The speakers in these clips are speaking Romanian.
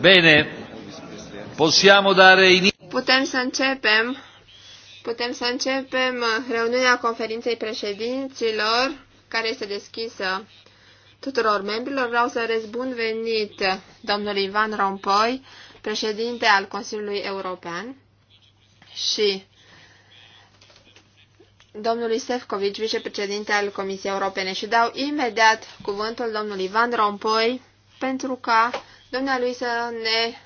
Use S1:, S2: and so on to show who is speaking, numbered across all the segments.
S1: Bine, possiamo dare inizio.
S2: Putem să începem. Putem să începem reuniunea conferinței președinților, care este deschisă tuturor membrilor. Vreau să bun venit domnul Ivan Rompoi, președinte al Consiliului European și domnului Sefcovici, vicepreședinte al Comisiei Europene și dau imediat cuvântul domnului Ivan Rompoi pentru ca lui să ne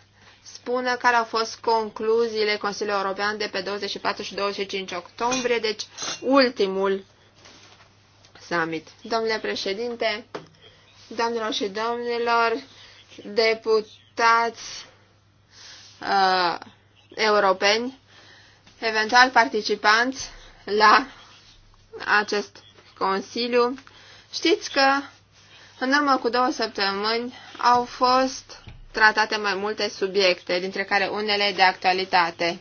S2: spună care au fost concluziile Consiliului European de pe 24 și 25 octombrie, deci ultimul summit. Domnule președinte, domnilor și domnilor, deputați uh, europeni, eventual participanți la acest Consiliu, știți că în urmă cu două săptămâni au fost tratate mai multe subiecte, dintre care unele de actualitate.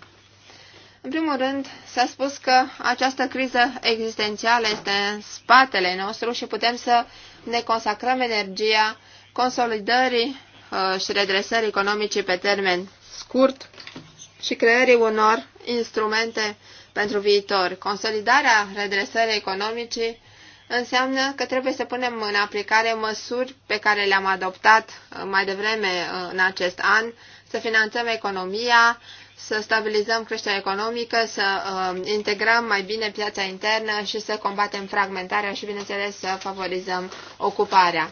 S2: În primul rând, s-a spus că această criză existențială este în spatele nostru și putem să ne consacrăm energia consolidării uh, și redresării economice pe termen scurt și creării unor instrumente pentru viitor. Consolidarea redresării economice înseamnă că trebuie să punem în aplicare măsuri pe care le-am adoptat uh, mai devreme uh, în acest an, să finanțăm economia, să stabilizăm creșterea economică, să uh, integrăm mai bine piața internă și să combatem fragmentarea și, bineînțeles, să favorizăm ocuparea.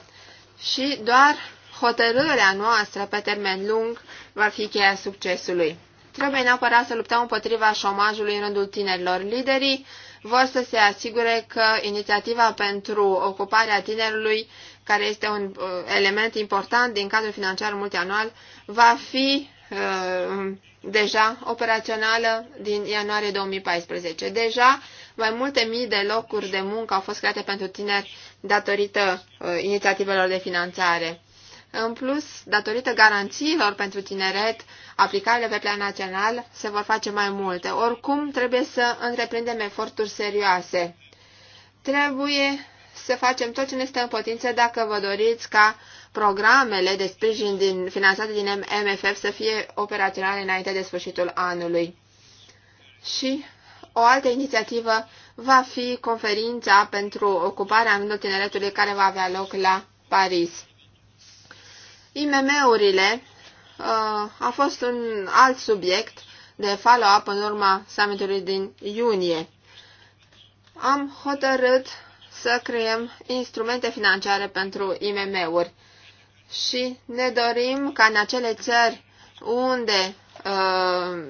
S2: Și doar hotărârea noastră pe termen lung va fi cheia succesului. Trebuie neapărat să luptăm împotriva șomajului în rândul tinerilor. Liderii vor să se asigure că inițiativa pentru ocuparea tinerului, care este un uh, element important din cadrul financiar multianual, va fi uh, deja operațională din ianuarie 2014. Deja mai multe mii de locuri de muncă au fost create pentru tineri datorită uh, inițiativelor de finanțare. În plus, datorită garanțiilor pentru tineret, aplicarele pe plan național se vor face mai multe. Oricum, trebuie să întreprindem eforturi serioase. Trebuie să facem tot ce ne stă în potință dacă vă doriți ca programele de sprijin din, finanțate din MFF să fie operaționale înainte de sfârșitul anului. Și o altă inițiativă va fi conferința pentru ocuparea anului tineretului care va avea loc la Paris. IMM-urile uh, a fost un alt subiect de follow-up în urma summitului din iunie. Am hotărât să creăm instrumente financiare pentru IMM-uri și ne dorim ca în acele țări unde uh,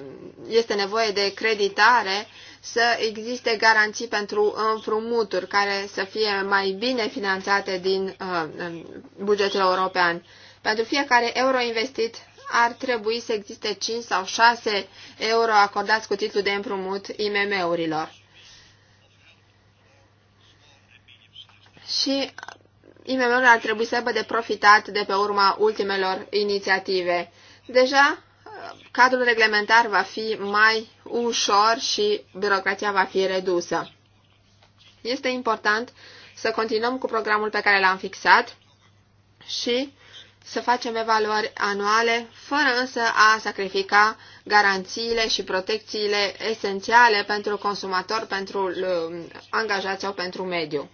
S2: este nevoie de creditare să existe garanții pentru împrumuturi care să fie mai bine finanțate din uh, bugetul european. Pentru fiecare euro investit ar trebui să existe 5 sau 6 euro acordați cu titlu de împrumut IMM-urilor. Și IMM-urile ar trebui să aibă de profitat de pe urma ultimelor inițiative. Deja cadrul reglementar va fi mai ușor și birocrația va fi redusă. Este important să continuăm cu programul pe care l-am fixat și să facem evaluări anuale, fără însă a sacrifica garanțiile și protecțiile esențiale pentru consumator, pentru um, angajați sau pentru mediu.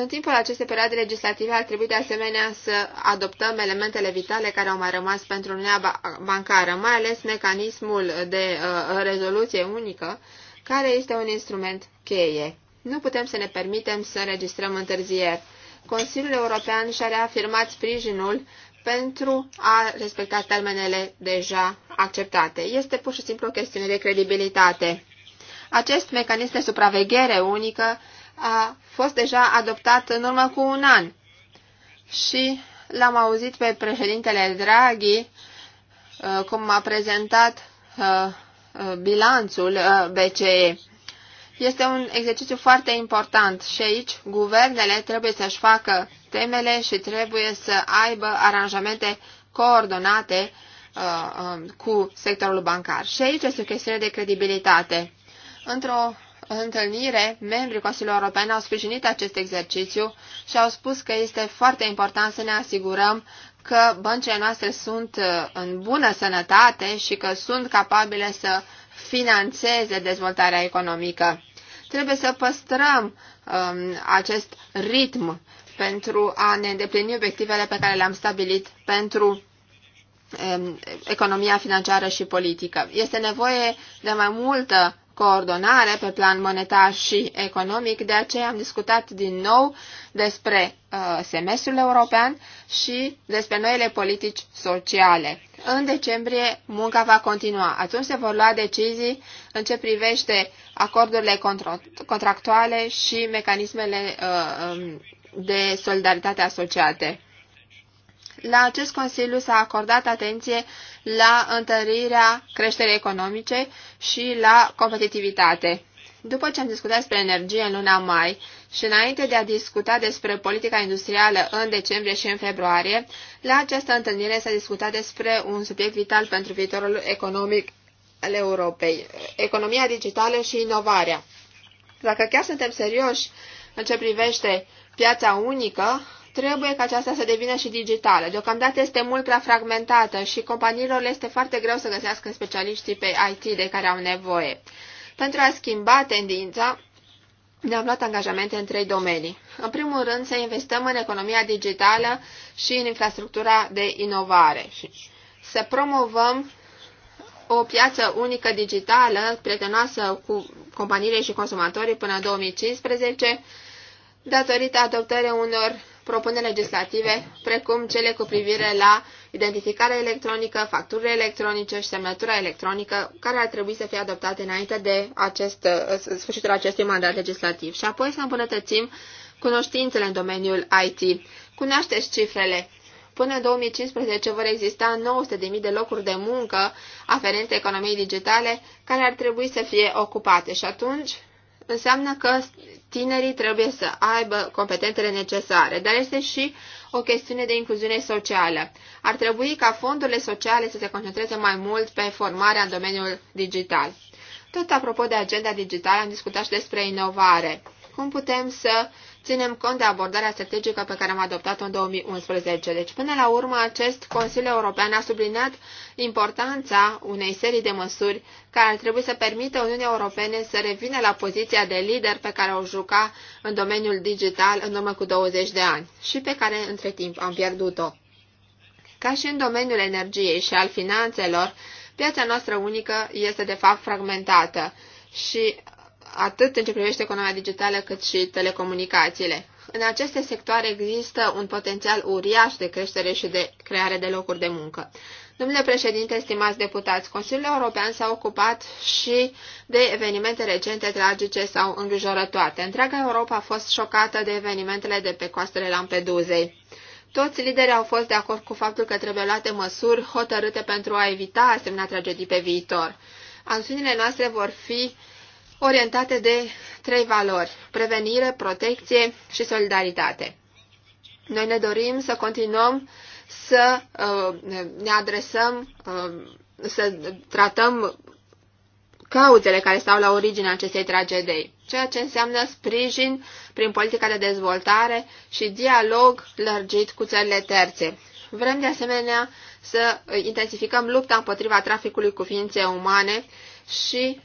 S2: În timpul acestei perioade legislative ar trebui de asemenea să adoptăm elementele vitale care au mai rămas pentru Uniunea Bancară, mai ales mecanismul de uh, rezoluție unică, care este un instrument cheie. Nu putem să ne permitem să înregistrăm întârzieri Consiliul European și-a reafirmat sprijinul pentru a respecta termenele deja acceptate. Este pur și simplu o chestiune de credibilitate. Acest mecanism de supraveghere unică a fost deja adoptat în urmă cu un an și l-am auzit pe președintele Draghi uh, cum a prezentat uh, uh, bilanțul BCE este un exercițiu foarte important și aici guvernele trebuie să-și facă temele și trebuie să aibă aranjamente coordonate uh, uh, cu sectorul bancar. Și aici este o chestiune de credibilitate. Într-o întâlnire, membrii Consiliului European au sprijinit acest exercițiu și au spus că este foarte important să ne asigurăm că băncile noastre sunt uh, în bună sănătate și că sunt capabile să uh, financeze dezvoltarea economică. Trebuie să păstrăm um, acest ritm pentru a ne îndeplini obiectivele pe care le-am stabilit pentru um, economia financiară și politică. Este nevoie de mai multă coordonare pe plan monetar și economic, de aceea am discutat din nou despre uh, semestrul european și despre noile politici sociale. În decembrie munca va continua. Atunci se vor lua decizii în ce privește acordurile contractuale și mecanismele uh, um, de solidaritate asociate. La acest Consiliu s-a acordat atenție la întărirea creșterii economice și la competitivitate. După ce am discutat despre energie în luna mai și înainte de a discuta despre politica industrială în decembrie și în februarie, la această întâlnire s-a discutat despre un subiect vital pentru viitorul economic al Europei, economia digitală și inovarea. Dacă chiar suntem serioși în ce privește piața unică, Trebuie ca aceasta să devină și digitală. Deocamdată este mult prea fragmentată și companiilor le este foarte greu să găsească specialiștii pe IT de care au nevoie. Pentru a schimba tendința, ne-am luat angajamente în trei domenii. În primul rând, să investăm în economia digitală și în infrastructura de inovare. Să promovăm o piață unică digitală, prietenoasă cu companiile și consumatorii până în 2015, datorită adoptării unor propuneri legislative, precum cele cu privire la identificarea electronică, facturile electronice și semnătura electronică, care ar trebui să fie adoptate înainte de acest, uh, sfârșitul acestui mandat legislativ. Și apoi să îmbunătățim cunoștințele în domeniul IT. Cunoașteți cifrele. Până în 2015 vor exista 900.000 de locuri de muncă aferente economiei digitale care ar trebui să fie ocupate și atunci înseamnă că tinerii trebuie să aibă competențele necesare, dar este și o chestiune de incluziune socială. Ar trebui ca fondurile sociale să se concentreze mai mult pe formarea în domeniul digital. Tot apropo de agenda digitală, am discutat și despre inovare. Cum putem să uh, ținem cont de abordarea strategică pe care am adoptat-o în 2011. Deci, până la urmă, acest Consiliu European a subliniat importanța unei serii de măsuri care ar trebui să permită Uniunii Europene să revină la poziția de lider pe care o juca în domeniul digital în urmă cu 20 de ani și pe care, între timp, am pierdut-o. Ca și în domeniul energiei și al finanțelor, piața noastră unică este, de fapt, fragmentată și atât în ce privește economia digitală cât și telecomunicațiile. În aceste sectoare există un potențial uriaș de creștere și de creare de locuri de muncă. Domnule președinte, stimați deputați, Consiliul European s-a ocupat și de evenimente recente tragice sau îngrijorătoare. Întreaga Europa a fost șocată de evenimentele de pe coastele Lampeduzei. Toți liderii au fost de acord cu faptul că trebuie luate măsuri hotărâte pentru a evita asemenea tragedii pe viitor. Acțiunile noastre vor fi orientate de trei valori, prevenire, protecție și solidaritate. Noi ne dorim să continuăm să uh, ne adresăm, uh, să tratăm cauzele care stau la originea acestei tragedii, ceea ce înseamnă sprijin prin politica de dezvoltare și dialog lărgit cu țările terțe. Vrem de asemenea să uh, intensificăm lupta împotriva traficului cu ființe umane și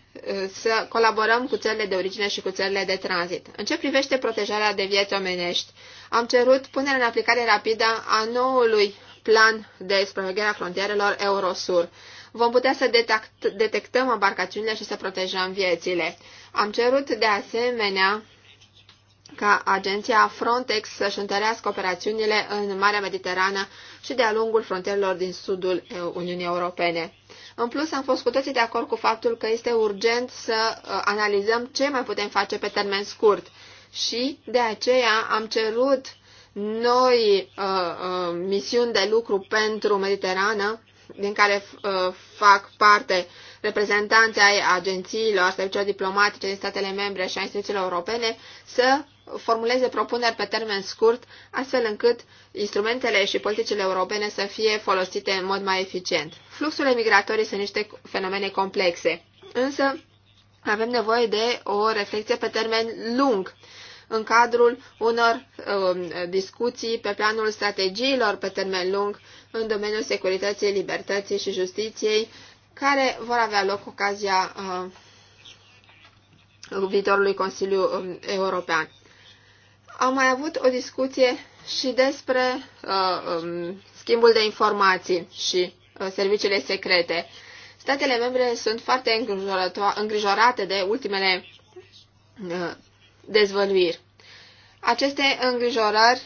S2: să colaborăm cu țările de origine și cu țările de tranzit. În ce privește protejarea de vieți omenești, am cerut punerea în aplicare rapidă a noului plan de supraveghere a frontierelor Eurosur. Vom putea să detect detectăm embarcațiunile și să protejăm viețile. Am cerut de asemenea ca agenția Frontex să-și întărească operațiunile în Marea Mediterană și de-a lungul frontierelor din sudul Uniunii Europene. În plus, am fost cu toții de acord cu faptul că este urgent să uh, analizăm ce mai putem face pe termen scurt. Și de aceea am cerut noi uh, uh, misiuni de lucru pentru Mediterană, din care uh, fac parte reprezentanții ai agențiilor, serviciilor diplomatice din statele membre și a instituțiilor europene, să formuleze propuneri pe termen scurt, astfel încât instrumentele și politicile europene să fie folosite în mod mai eficient. Fluxurile migratorii sunt niște fenomene complexe, însă avem nevoie de o reflexie pe termen lung în cadrul unor um, discuții pe planul strategiilor pe termen lung în domeniul securității, libertății și justiției, care vor avea loc ocazia uh, viitorului Consiliu um, European. Am mai avut o discuție și despre uh, um, schimbul de informații și uh, serviciile secrete. Statele membre sunt foarte îngrijorate de ultimele uh, dezvăluiri. Aceste îngrijorări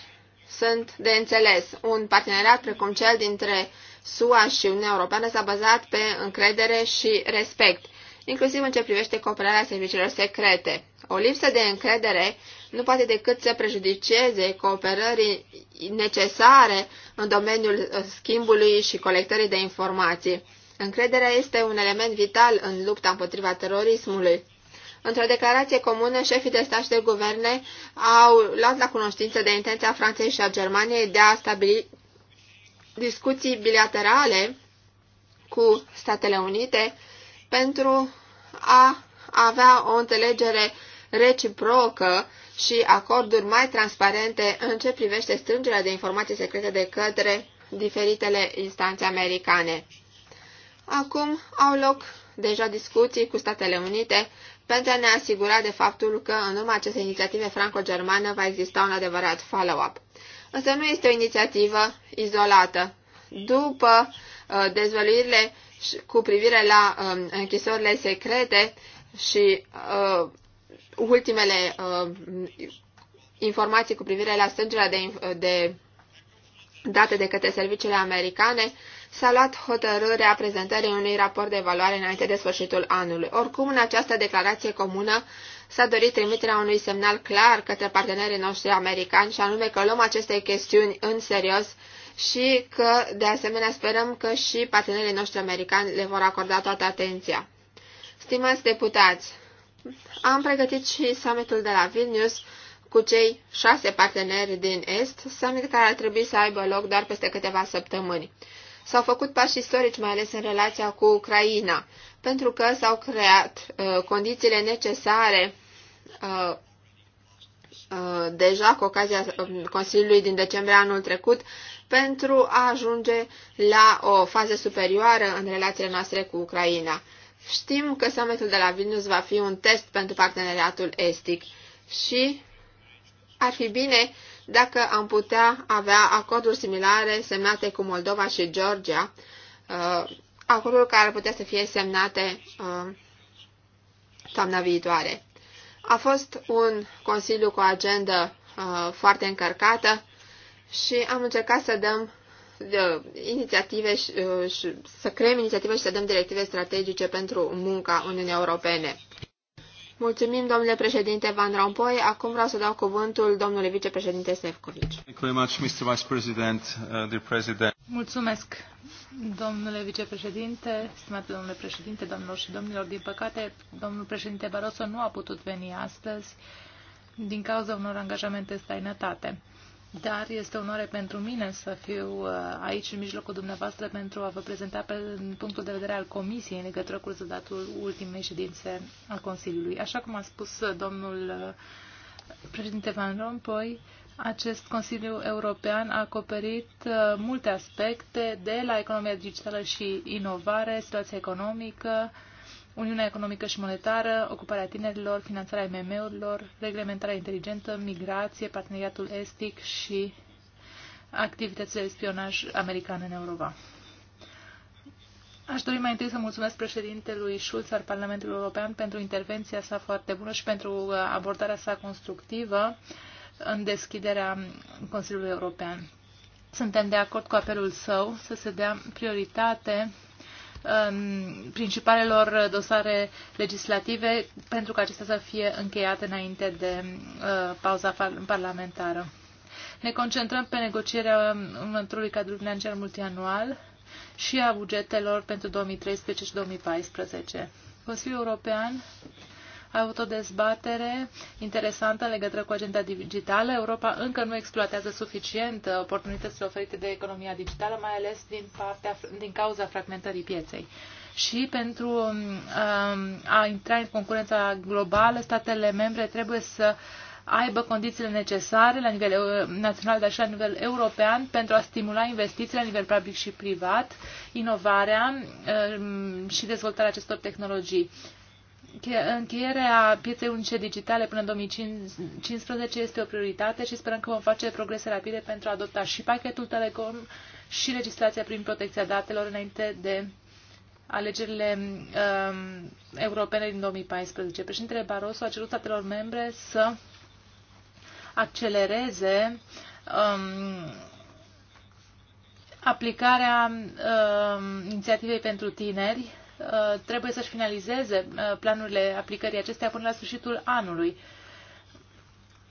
S2: sunt de înțeles. Un parteneriat precum cel dintre SUA și Uniunea Europeană s-a bazat pe încredere și respect, inclusiv în ce privește cooperarea serviciilor secrete. O lipsă de încredere nu poate decât să prejudiceze cooperării necesare în domeniul uh, schimbului și colectării de informații. Încrederea este un element vital în lupta împotriva terorismului. Într-o declarație comună, șefii de stat și de guverne au luat la cunoștință de intenția Franței și a Germaniei de a stabili discuții bilaterale cu Statele Unite pentru a avea o înțelegere reciprocă și acorduri mai transparente în ce privește strângerea de informații secrete de către diferitele instanțe americane. Acum au loc deja discuții cu Statele Unite pentru a ne asigura de faptul că în urma acestei inițiative franco-germană va exista un adevărat follow-up. Însă nu este o inițiativă izolată. După uh, dezvăluirile cu privire la uh, închisorile secrete și uh, ultimele uh, informații cu privire la strângerea de, de date de către serviciile americane, s-a luat hotărârea prezentării unui raport de evaluare înainte de sfârșitul anului. Oricum, în această declarație comună s-a dorit trimiterea unui semnal clar către partenerii noștri americani și anume că luăm aceste chestiuni în serios și că, de asemenea, sperăm că și partenerii noștri americani le vor acorda toată atenția. Stimați deputați, am pregătit și summitul de la Vilnius cu cei șase parteneri din Est, summit care ar trebui să aibă loc doar peste câteva săptămâni. S-au făcut pași istorici, mai ales în relația cu Ucraina, pentru că s-au creat uh, condițiile necesare uh, uh, deja cu ocazia uh, Consiliului din decembrie anul trecut pentru a ajunge la o fază superioară în relațiile noastre cu Ucraina. Știm că summitul de la Vilnius va fi un test pentru parteneriatul estic și ar fi bine dacă am putea avea acorduri similare semnate cu Moldova și Georgia, uh, acorduri care ar putea să fie semnate uh, toamna viitoare. A fost un consiliu cu o agendă uh, foarte încărcată și am încercat să dăm inițiative și, uh, și, să creăm inițiative și să dăm directive strategice pentru munca Uniunii Europene. Mulțumim, domnule președinte Van Rompuy. Acum vreau să dau cuvântul domnului vicepreședinte Sefcovici.
S1: Uh,
S3: Mulțumesc, domnule vicepreședinte, stimate domnule președinte, domnilor și domnilor. Din păcate, domnul președinte Barroso nu a putut veni astăzi din cauza unor angajamente străinătate dar este onoare pentru mine să fiu uh, aici în mijlocul dumneavoastră pentru a vă prezenta pe punctul de vedere al Comisiei în legătură cu rezultatul ultimei ședințe al Consiliului. Așa cum a spus uh, domnul uh, președinte Van Rompuy, acest Consiliu European a acoperit multe aspecte de la economia digitală și inovare, situația economică, Uniunea economică și monetară, ocuparea tinerilor, finanțarea MM-urilor, reglementarea inteligentă, migrație, parteneriatul estic și activitățile de spionaj americane în Europa. Aș dori mai întâi să mulțumesc președintelui Schulz al Parlamentului European pentru intervenția sa foarte bună și pentru uh, abordarea sa constructivă în deschiderea Consiliului European. Suntem de acord cu apelul său să se dea prioritate Um, principalelor dosare legislative pentru ca acestea să fie încheiate înainte de uh, pauza parlamentară. Ne concentrăm pe negocierea um, următorului cadru financiar multianual și a bugetelor pentru 2013 și 2014. Consiliul European ai avut o dezbatere interesantă în legătură cu agenda digitală. Europa încă nu exploatează suficient oportunitățile oferite de economia digitală, mai ales din, partea, din cauza fragmentării pieței și pentru um, a intra în concurența globală, statele membre trebuie să aibă condițiile necesare la nivel uh, național, dar și la nivel european pentru a stimula investițiile la nivel public și privat, inovarea um, și dezvoltarea acestor tehnologii. Încheierea pieței unice digitale până în 2015 este o prioritate și sperăm că vom face progrese rapide pentru a adopta și pachetul Telecom și legislația prin protecția datelor înainte de alegerile um, europene din 2014. Președintele Barroso a cerut statelor membre să accelereze um, aplicarea um, inițiativei pentru tineri Uh, trebuie să-și finalizeze uh, planurile aplicării acestea până la sfârșitul anului.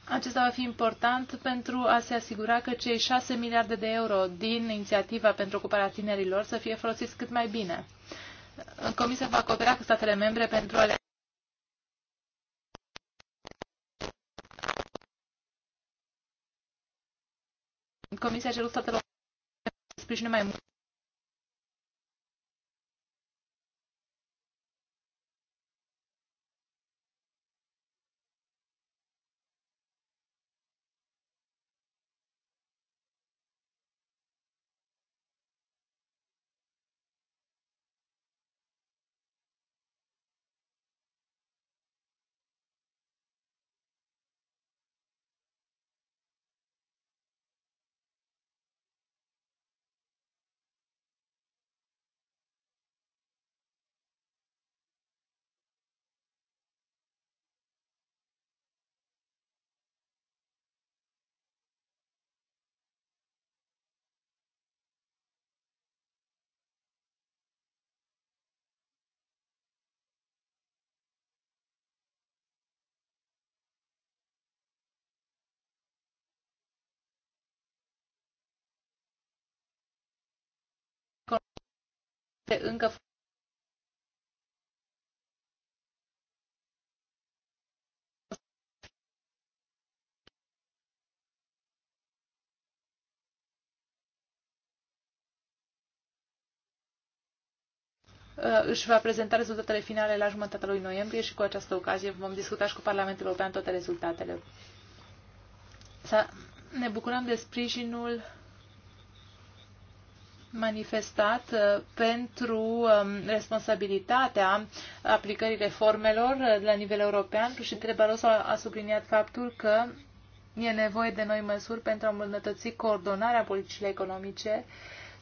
S3: Acesta va fi important pentru a se asigura că cei 6 miliarde de euro din inițiativa pentru ocuparea tinerilor să fie folosiți cât mai bine. Comisia va coopera cu statele membre pentru a le Comisia a cerut statelor sprijine mai mult încă uh, își va prezenta rezultatele finale la jumătatea lui noiembrie și cu această ocazie vom discuta și cu Parlamentul European toate rezultatele. Să ne bucurăm de sprijinul manifestat uh, pentru um, responsabilitatea aplicării reformelor uh, la nivel european. Președintele Barroso a subliniat faptul că e nevoie de noi măsuri pentru a îmbunătăți coordonarea politicile economice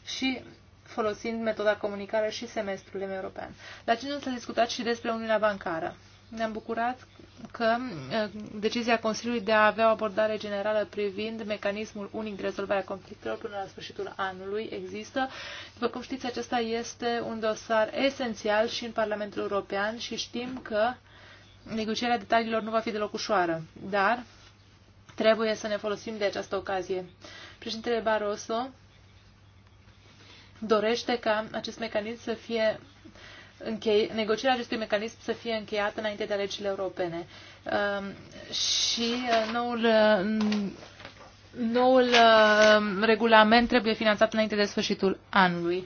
S3: și folosind metoda comunicare și semestrul european. La ce nu s-a discutat și despre Uniunea Bancară. Ne-am bucurat că eh, decizia Consiliului de a avea o abordare generală privind mecanismul unic de rezolvare a conflictelor până la sfârșitul anului există. După cum știți, acesta este un dosar esențial și în Parlamentul European și știm că negocierea detaliilor nu va fi deloc ușoară, dar trebuie să ne folosim de această ocazie. Președintele Barroso dorește ca acest mecanism să fie închei, negocierea acestui mecanism să fie încheiată înainte de alegerile europene. Um, și uh, noul, uh, noul uh, regulament trebuie finanțat înainte de sfârșitul anului.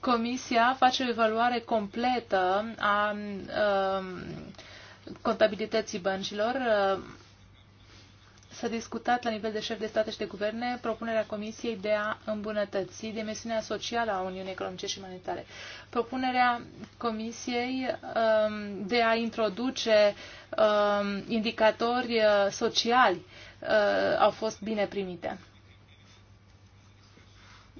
S3: Comisia face o evaluare completă a um, contabilității băncilor S-a discutat la nivel de șef de state și de guverne propunerea Comisiei de a îmbunătăți dimensiunea socială a Uniunii Economice și Monetare. Propunerea Comisiei um, de a introduce um, indicatori uh, sociali uh, au fost bine primite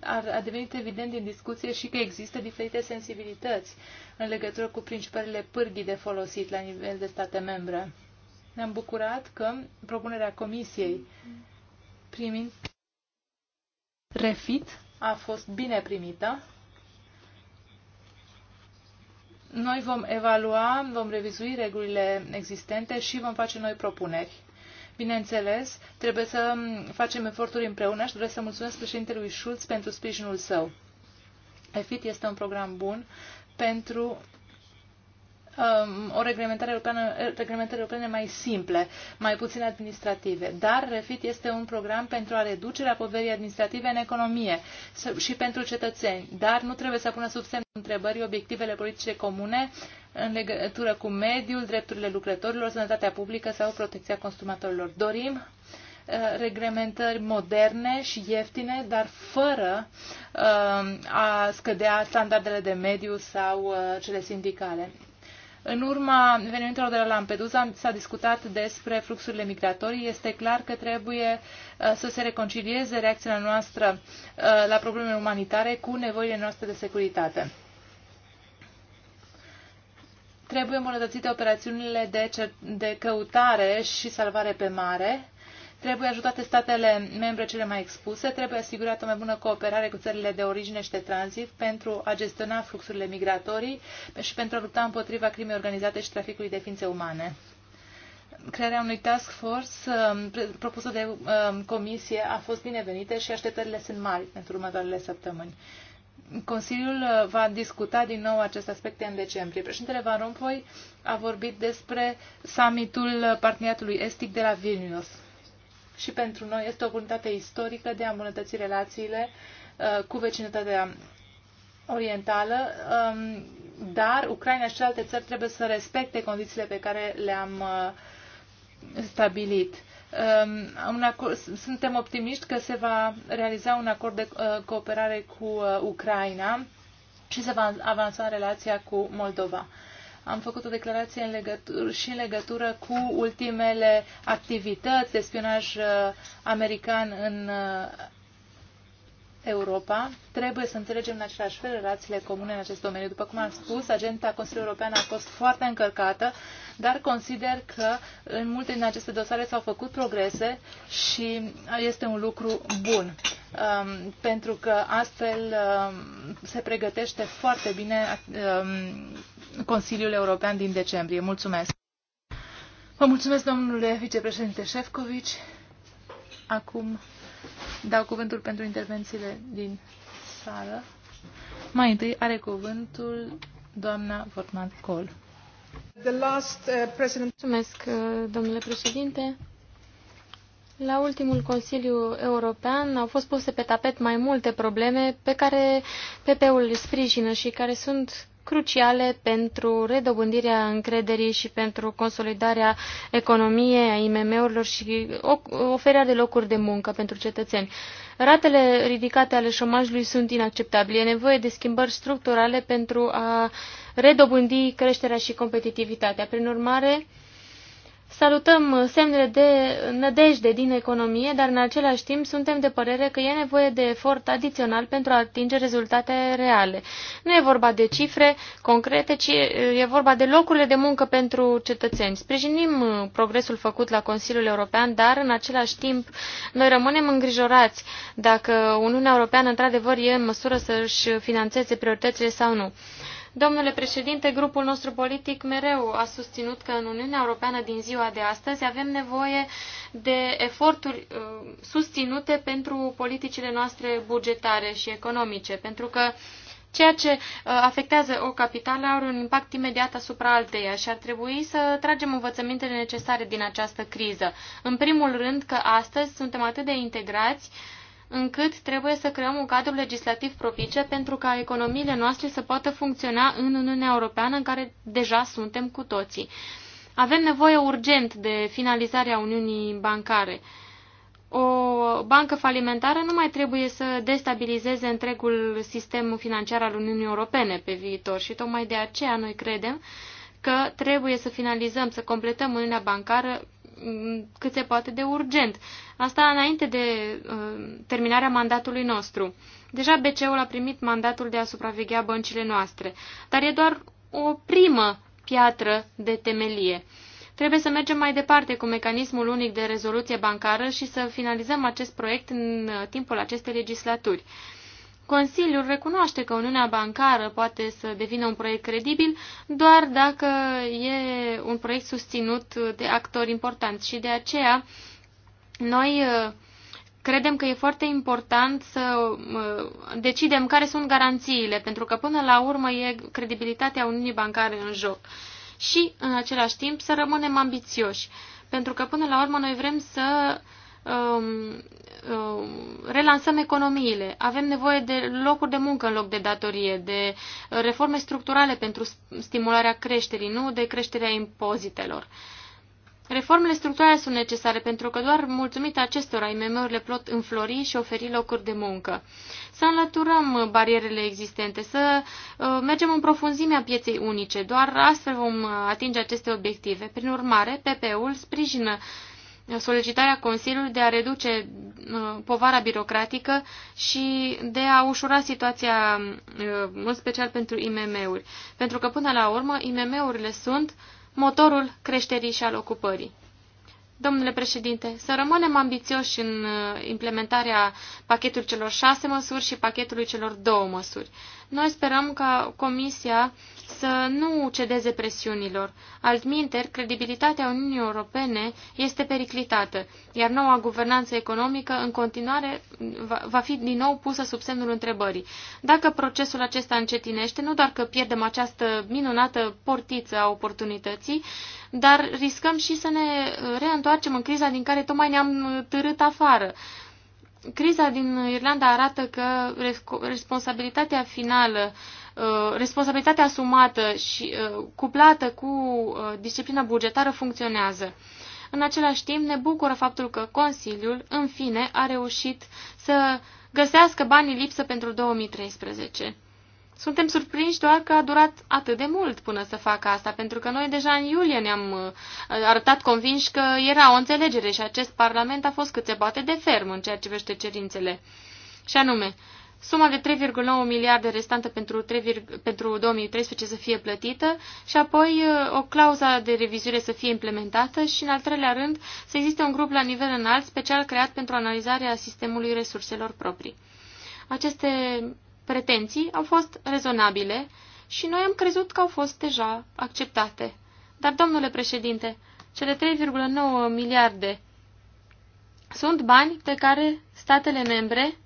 S3: a devenit evident din discuție și că există diferite sensibilități în legătură cu principalele pârghii de folosit la nivel de state membre. Ne-am bucurat că propunerea comisiei primind refit a fost bine primită. Noi vom evalua, vom revizui regulile existente și vom face noi propuneri. Bineînțeles, trebuie să facem eforturi împreună și doresc să mulțumesc președintelui Schulz pentru sprijinul său. EFIT este un program bun pentru Um, o reglementare europeană, reglementări europene mai simple, mai puțin administrative. Dar REFIT este un program pentru a reducerea poverii administrative în economie și pentru cetățeni, dar nu trebuie să pună sub semn întrebării obiectivele politice comune în legătură cu mediul, drepturile lucrătorilor, sănătatea publică sau protecția consumatorilor. Dorim uh, reglementări moderne și ieftine, dar fără uh, a scădea standardele de mediu sau uh, cele sindicale. În urma evenimentelor de la Lampedusa s-a discutat despre fluxurile migratorii. Este clar că trebuie uh, să se reconcilieze reacția noastră uh, la problemele umanitare cu nevoile noastre de securitate. Trebuie îmbunătățite operațiunile de, de căutare și salvare pe mare Trebuie ajutate statele membre cele mai expuse, trebuie asigurată o mai bună cooperare cu țările de origine și de tranzit pentru a gestiona fluxurile migratorii și pentru a lupta împotriva crimei organizate și traficului de ființe umane crearea unui task force um, propusă de um, comisie a fost binevenită și așteptările sunt mari pentru următoarele săptămâni. Consiliul uh, va discuta din nou acest aspect în decembrie. Președintele Van Rompuy a vorbit despre summitul uh, parteneriatului estic de la Vilnius și pentru noi este o oportunitate istorică de a îmbunătăți relațiile uh, cu vecinătatea orientală, um, dar Ucraina și alte țări trebuie să respecte condițiile pe care le-am uh, stabilit. Um, un acord, suntem optimiști că se va realiza un acord de uh, cooperare cu Ucraina și se va avansa relația cu Moldova. Am făcut o declarație în legătură, și în legătură cu ultimele activități de spionaj uh, american în uh, Europa, trebuie să înțelegem în același fel relațiile comune în acest domeniu. După cum am spus, agenda Consiliului European a fost foarte încărcată, dar consider că în multe din aceste dosare s-au făcut progrese și este un lucru bun, um, pentru că astfel um, se pregătește foarte bine um, Consiliul European din decembrie. Mulțumesc! Vă mulțumesc, domnule vicepreședinte Șefcovici. Acum dau cuvântul pentru intervențiile din sală. Mai întâi are cuvântul doamna Vortman Col.
S4: The last, uh, president... Mulțumesc, uh, domnule președinte. La ultimul Consiliu European au fost puse pe tapet mai multe probleme pe care PP-ul le sprijină și care sunt cruciale pentru redobândirea încrederii și pentru consolidarea economiei, a IMM-urilor și oferirea de locuri de muncă pentru cetățeni. Ratele ridicate ale șomajului sunt inacceptabile. E nevoie de schimbări structurale pentru a redobândi creșterea și competitivitatea. Prin urmare, Salutăm semnele de nădejde din economie, dar în același timp suntem de părere că e nevoie de efort adițional pentru a atinge rezultate reale. Nu e vorba de cifre concrete, ci e vorba de locurile de muncă pentru cetățeni. Sprijinim progresul făcut la Consiliul European, dar în același timp noi rămânem îngrijorați dacă Uniunea Europeană într-adevăr e în măsură să și financeze prioritățile sau nu. Domnule președinte, grupul nostru politic mereu a susținut că în Uniunea Europeană din ziua de astăzi avem nevoie de eforturi uh, susținute pentru politicile noastre bugetare și economice, pentru că ceea ce uh, afectează o capitală are un impact imediat asupra alteia și ar trebui să tragem învățămintele necesare din această criză. În primul rând că astăzi suntem atât de integrați încât trebuie să creăm un cadru legislativ propice pentru ca economiile noastre să poată funcționa în Uniunea Europeană în care deja suntem cu toții. Avem nevoie urgent de finalizarea Uniunii Bancare. O bancă falimentară nu mai trebuie să destabilizeze întregul sistem financiar al Uniunii Europene pe viitor și tocmai de aceea noi credem că trebuie să finalizăm, să completăm Uniunea Bancară Mm, cât se poate de urgent. Asta înainte de uh, terminarea mandatului nostru. Deja BCE-ul a primit mandatul de a supraveghea băncile noastre, dar e doar o primă piatră de temelie. Trebuie să mergem mai departe cu mecanismul unic de rezoluție bancară și să finalizăm acest proiect în uh, timpul acestei legislaturi. Consiliul recunoaște că Uniunea Bancară poate să devină un proiect credibil doar dacă e un proiect susținut de actori importanți și de aceea noi uh, credem că e foarte important să uh, decidem care sunt garanțiile, pentru că până la urmă e credibilitatea Uniunii Bancare în joc. Și, în același timp, să rămânem ambițioși, pentru că până la urmă noi vrem să um, Uh, relansăm economiile. Avem nevoie de locuri de muncă în loc de datorie, de reforme structurale pentru stimularea creșterii, nu de creșterea impozitelor. Reformele structurale sunt necesare pentru că doar mulțumită acestora IMM-urile pot înflori și oferi locuri de muncă. Să înlăturăm barierele existente, să uh, mergem în profunzimea pieței unice. Doar astfel vom uh, atinge aceste obiective. Prin urmare, PP-ul sprijină uh, solicitarea Consiliului de a reduce uh, povara birocratică și de a ușura situația, uh, în special pentru IMM-uri. Pentru că, până la urmă, IMM-urile sunt motorul creșterii și al ocupării. Domnule președinte, să rămânem ambițioși în uh, implementarea pachetului celor șase măsuri și pachetului celor două măsuri. Noi sperăm ca Comisia să nu cedeze presiunilor. Altminter, credibilitatea Uniunii Europene este periclitată, iar noua guvernanță economică în continuare va fi din nou pusă sub semnul întrebării. Dacă procesul acesta încetinește, nu doar că pierdem această minunată portiță a oportunității, dar riscăm și să ne reîntoarcem în criza din care tocmai ne-am târât afară. Criza din Irlanda arată că responsabilitatea finală Uh, responsabilitatea asumată și uh, cuplată cu uh, disciplina bugetară funcționează. În același timp, ne bucură faptul că Consiliul, în fine, a reușit să găsească banii lipsă pentru 2013. Suntem surprinși doar că a durat atât de mult până să facă asta, pentru că noi deja în iulie ne-am arătat convinși că era o înțelegere și acest parlament a fost cât se poate de ferm în ceea ce privește cerințele. Și anume, suma de 3,9 miliarde restantă pentru, 3, pentru 2013 să fie plătită și apoi uh, o clauză de revizuire să fie implementată și, în al treilea rând, să existe un grup la nivel înalt special creat pentru analizarea sistemului resurselor proprii. Aceste pretenții au fost rezonabile și noi am crezut că au fost deja acceptate. Dar, domnule președinte, cele 3,9 miliarde sunt bani pe care statele membre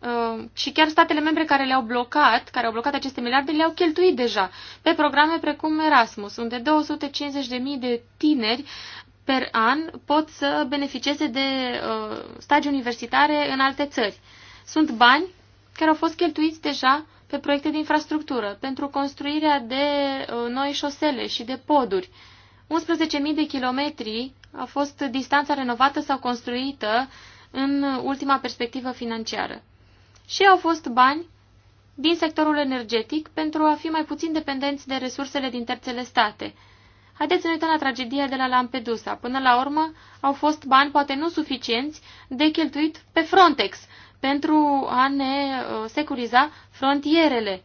S4: Uh, și chiar statele membre care le-au blocat, care au blocat aceste miliarde, le-au cheltuit deja pe programe precum Erasmus, unde 250.000 de tineri per an pot să beneficieze de uh, stagii universitare în alte țări. Sunt bani care au fost cheltuiți deja pe proiecte de infrastructură, pentru construirea de uh, noi șosele și de poduri. 11.000 de kilometri a fost distanța renovată sau construită în ultima perspectivă financiară și au fost bani din sectorul energetic pentru a fi mai puțin dependenți de resursele din terțele state. Haideți să ne uităm la tragedia de la Lampedusa. Până la urmă au fost bani poate nu suficienți de cheltuit pe Frontex pentru a ne uh, securiza frontierele.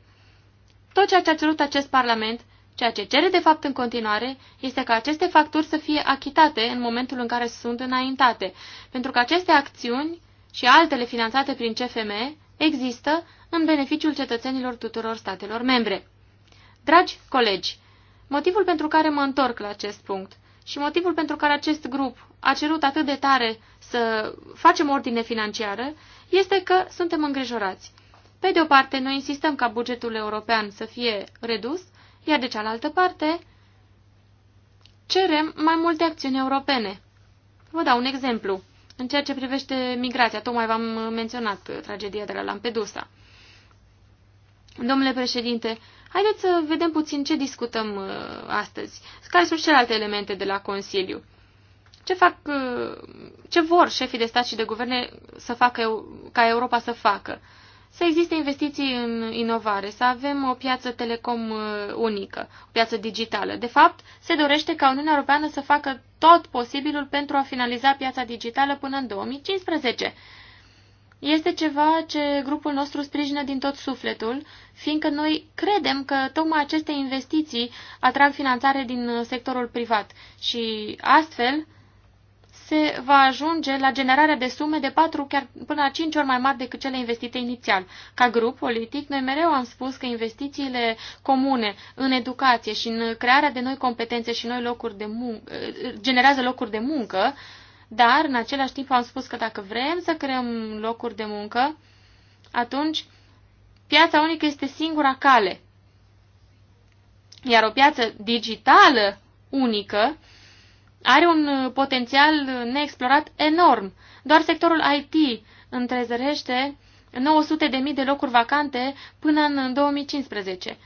S4: Tot ceea ce a cerut acest Parlament, ceea ce cere de fapt în continuare, este ca aceste facturi să fie achitate în momentul în care sunt înaintate, pentru că aceste acțiuni și altele finanțate prin CFM există în beneficiul cetățenilor tuturor statelor membre. Dragi colegi, motivul pentru care mă întorc la acest punct și motivul pentru care acest grup a cerut atât de tare să facem ordine financiară este că suntem îngrijorați. Pe de o parte, noi insistăm ca bugetul european să fie redus, iar de cealaltă parte, cerem mai multe acțiuni europene. Vă dau un exemplu. În ceea ce privește migrația, tocmai v-am menționat tragedia de la Lampedusa. Domnule președinte, haideți să vedem puțin ce discutăm uh, astăzi. Care sunt celelalte elemente de la Consiliu? Ce, fac, uh, ce vor șefii de stat și de guverne să facă, ca Europa să facă? să existe investiții în inovare, să avem o piață telecom uh, unică, o piață digitală. De fapt, se dorește ca Uniunea Europeană să facă tot posibilul pentru a finaliza piața digitală până în 2015. Este ceva ce grupul nostru sprijină din tot sufletul, fiindcă noi credem că tocmai aceste investiții atrag finanțare din sectorul privat și astfel se va ajunge la generarea de sume de 4 chiar până la 5 ori mai mari decât cele investite inițial. Ca grup politic, noi mereu am spus că investițiile comune în educație și în crearea de noi competențe și noi locuri de muncă, generează locuri de muncă, dar în același timp am spus că dacă vrem să creăm locuri de muncă, atunci piața unică este singura cale. Iar o piață digitală unică are un uh, potențial uh, neexplorat enorm. Doar sectorul IT întrezărește 900.000 de locuri vacante până în 2015.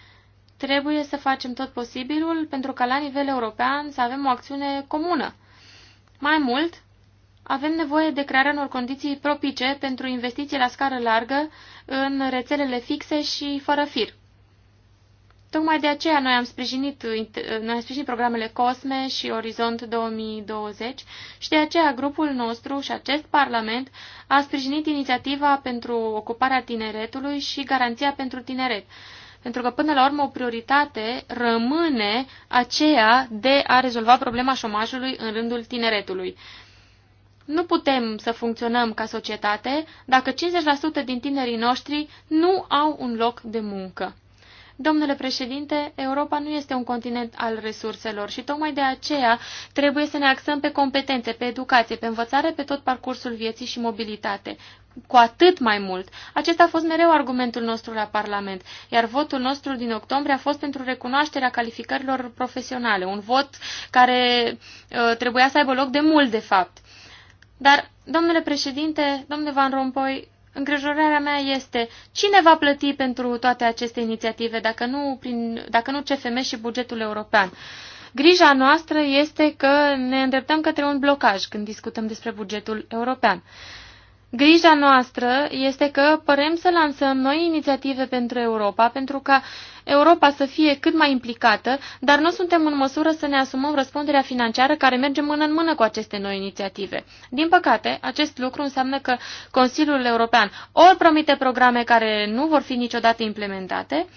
S4: Trebuie să facem tot posibilul pentru ca la nivel european să avem o acțiune comună. Mai mult, avem nevoie de crearea unor condiții propice pentru investiții la scară largă în rețelele fixe și fără fir. Tocmai de aceea noi am sprijinit, noi am sprijinit programele COSME și Orizont 2020 și de aceea grupul nostru și acest Parlament a sprijinit inițiativa pentru ocuparea tineretului și garanția pentru tineret. Pentru că, până la urmă, o prioritate rămâne aceea de a rezolva problema șomajului în rândul tineretului. Nu putem să funcționăm ca societate dacă 50% din tinerii noștri nu au un loc de muncă. Domnule președinte, Europa nu este un continent al resurselor și tocmai de aceea trebuie să ne axăm pe competențe, pe educație, pe învățare, pe tot parcursul vieții și mobilitate. Cu atât mai mult. Acesta a fost mereu argumentul nostru la Parlament, iar votul nostru din octombrie a fost pentru recunoașterea calificărilor profesionale, un vot care uh, trebuia să aibă loc de mult, de fapt. Dar, domnule președinte, domnule Van Rompuy, Îngrijorarea mea este cine va plăti pentru toate aceste inițiative, dacă nu, prin, dacă nu CFM și bugetul european. Grija noastră este că ne îndreptăm către un blocaj când discutăm despre bugetul european. Grija noastră este că părem să lansăm noi inițiative pentru Europa, pentru ca Europa să fie cât mai implicată, dar nu suntem în măsură să ne asumăm răspunderea financiară care merge mână în mână cu aceste noi inițiative. Din păcate, acest lucru înseamnă că Consiliul European ori promite programe care nu vor fi niciodată implementate,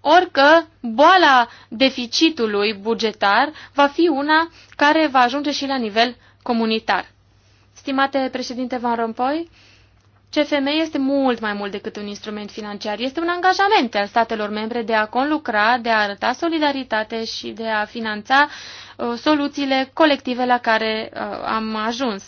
S4: ori că boala deficitului bugetar va fi una care va ajunge și la nivel comunitar. Stimate președinte Van Rompuy, CFM este mult mai mult decât un instrument financiar. Este un angajament al statelor membre de a conlucra, de a arăta solidaritate și de a finanța uh, soluțiile colective la care uh, am ajuns.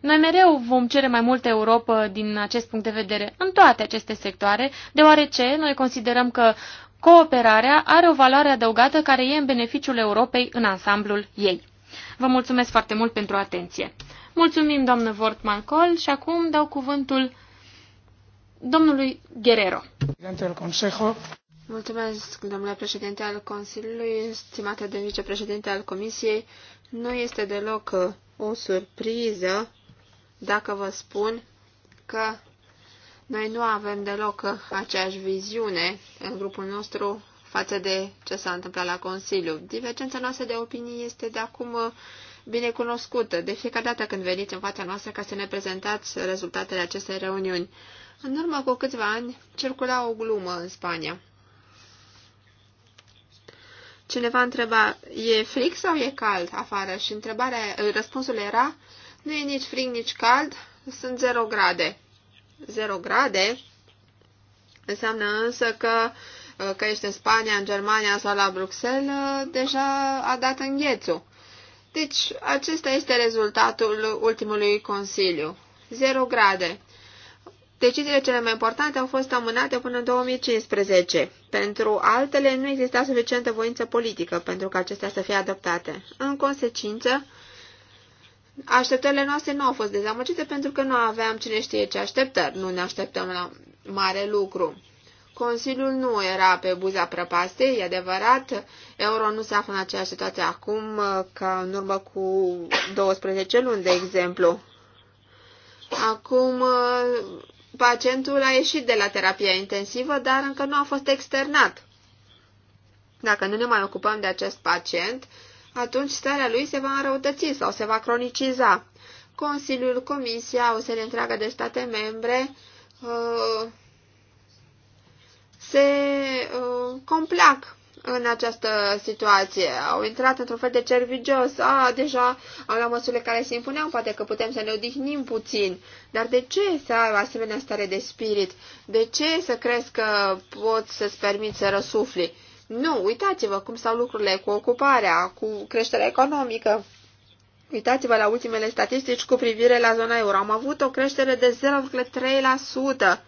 S4: Noi mereu vom cere mai multă Europa din acest punct de vedere în toate aceste sectoare, deoarece noi considerăm că cooperarea are o valoare adăugată care e în beneficiul Europei în ansamblul ei. Vă mulțumesc foarte mult pentru atenție. Mulțumim, doamnă Vortman Col, și acum dau cuvântul domnului Guerrero.
S2: Mulțumesc, domnule președinte al Consiliului, stimate de vicepreședinte al Comisiei. Nu este deloc uh, o surpriză dacă vă spun că noi nu avem deloc uh, aceeași viziune în grupul nostru față de ce s-a întâmplat la Consiliu. Divergența noastră de opinii este de acum uh, binecunoscută de fiecare dată când veniți în fața noastră ca să ne prezentați rezultatele acestei reuniuni. În urmă cu câțiva ani circula o glumă în Spania. Cineva întreba, e fric sau e cald afară? Și întrebarea, răspunsul era, nu e nici frig, nici cald, sunt 0 grade. 0 grade înseamnă însă că că ești în Spania, în Germania sau la Bruxelles, deja a dat înghețul. Deci, acesta este rezultatul ultimului Consiliu. 0 grade. Deciziile cele mai importante au fost amânate până în 2015. Pentru altele nu exista suficientă voință politică pentru ca acestea să fie adoptate. În consecință, așteptările noastre nu au fost dezamăgite pentru că nu aveam cine știe ce așteptări. Nu ne așteptăm la mare lucru. Consiliul nu era pe buza prăpastei, e adevărat, euro nu se află în aceeași situație acum uh, ca în urmă cu 12 luni, de exemplu. Acum uh, pacientul a ieșit de la terapia intensivă, dar încă nu a fost externat. Dacă nu ne mai ocupăm de acest pacient, atunci starea lui se va înrăutăți sau se va croniciza. Consiliul, Comisia, o serie întreagă de state membre uh, se uh, complac în această situație. Au intrat într-un fel de cer vigios. A, ah, deja am luat măsurile care se impuneau, poate că putem să ne odihnim puțin. Dar de ce să ai o asemenea stare de spirit? De ce să crezi că poți să-ți permiți să răsufli? Nu, uitați-vă cum stau lucrurile cu ocuparea, cu creșterea economică. Uitați-vă la ultimele statistici cu privire la zona euro. Am avut o creștere de 0,3%.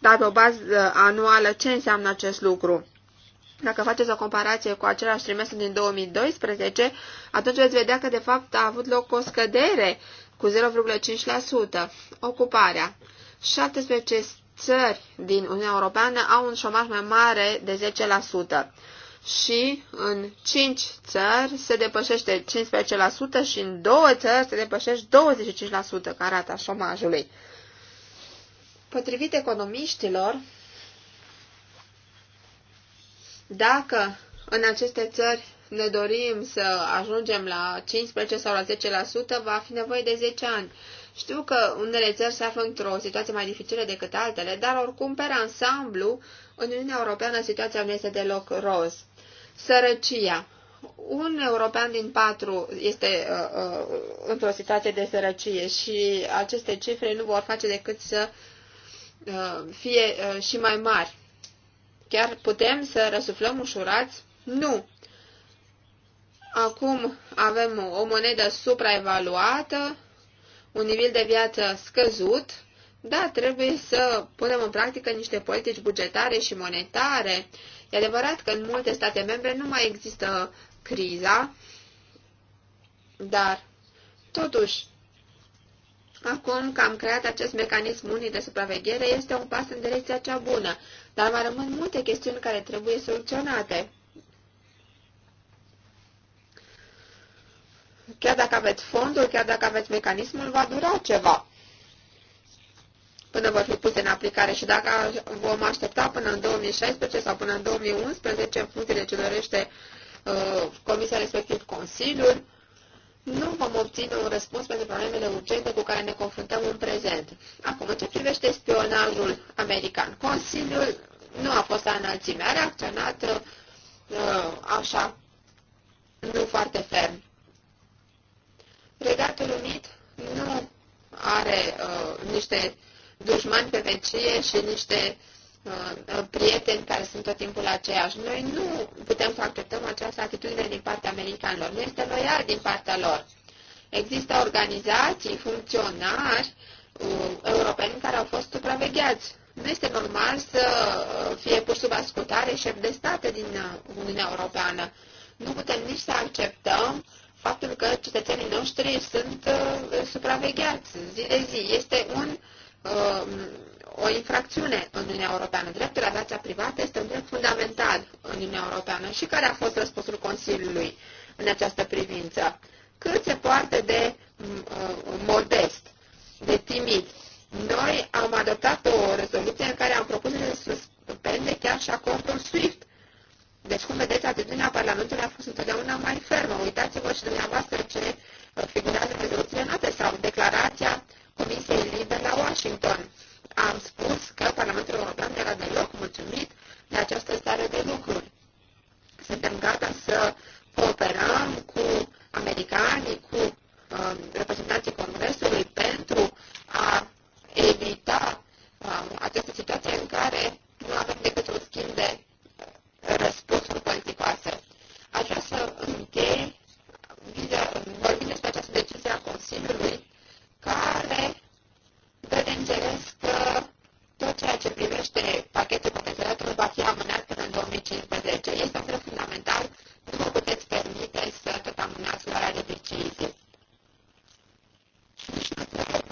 S2: Dar pe o bază uh, anuală, ce înseamnă acest lucru? Dacă faceți o comparație cu același trimestru din 2012, atunci veți vedea că, de fapt, a avut loc o scădere cu 0,5%. Ocuparea. 17 țări din Uniunea Europeană au un șomaj mai mare de 10% și în 5 țări se depășește 15% și în 2 țări se depășește 25% ca rata șomajului. Potrivit economiștilor, dacă în aceste țări ne dorim să ajungem la 15 sau la 10%, va fi nevoie de 10 ani. Știu că unele țări se află într-o situație mai dificilă decât altele, dar oricum, pe ansamblu, în Uniunea Europeană situația nu este deloc roz. Sărăcia. Un european din patru este uh, uh, într-o situație de sărăcie și aceste cifre nu vor face decât să uh, Uh, fie uh, și mai mari. Chiar putem să răsuflăm ușurați? Nu. Acum avem o monedă supraevaluată, un nivel de viață scăzut, da, trebuie să punem în practică niște politici bugetare și monetare. E adevărat că în multe state membre nu mai există criza, dar totuși Acum că am creat acest mecanism unic de supraveghere, este un pas în direcția cea bună, dar mai rămân multe chestiuni care trebuie soluționate. Chiar dacă aveți fondul, chiar dacă aveți mecanismul, va dura ceva până vor fi puse în aplicare și dacă vom aștepta până în 2016 sau până în 2011, în funcție de ce dorește uh, comisia respectiv Consiliul, nu vom obține un răspuns pentru problemele urgente cu care ne confruntăm în prezent. Acum, în ce privește spionajul american, Consiliul nu a fost la înălțime, a reacționat uh, așa, nu foarte ferm. Regatul Unit nu are uh, niște dușmani pe vecie și niște Uh, uh, prieteni care sunt tot timpul aceiași. Noi nu putem să acceptăm această atitudine din partea americanilor. Nu este loial din partea lor. Există organizații, funcționari uh, europeni care au fost supravegheați. Nu este normal să fie pus sub ascultare șef de state din Uniunea Europeană. Nu putem nici să acceptăm faptul că cetățenii noștri sunt supravegheați zi de zi. Este un o infracțiune în Uniunea Europeană. Dreptul la viața privată este un drept fundamental în Uniunea Europeană și care a fost răspunsul Consiliului în această privință. Cât se poate de mm, uh, modest, de timid. Noi am adoptat o rezoluție în care am propus să suspende chiar și acordul SWIFT. Deci, cum vedeți, atitudinea Parlamentului a fost întotdeauna mai fermă. Uitați-vă și dumneavoastră ce uh, figurează rezoluțiile noastre sau declarația Comisiei libere la Washington am spus
S1: că Parlamentul European era deloc mulțumit de această stare de lucruri. Suntem gata să cooperăm cu americanii, cu uh, reprezentanții Congresului pentru a evita uh, această situație în care nu avem decât un schimb de uh, răspunsuri politicoase. Aș vrea să închei vorbim despre această decizie a Consiliului care dă de înțeles că tot ceea ce privește pachetul protectoratului va fi amânat până în 2015. Este un lucru fundamental. Nu vă puteți permite să tot amânați luarea de decizii. Și nici nu trebuie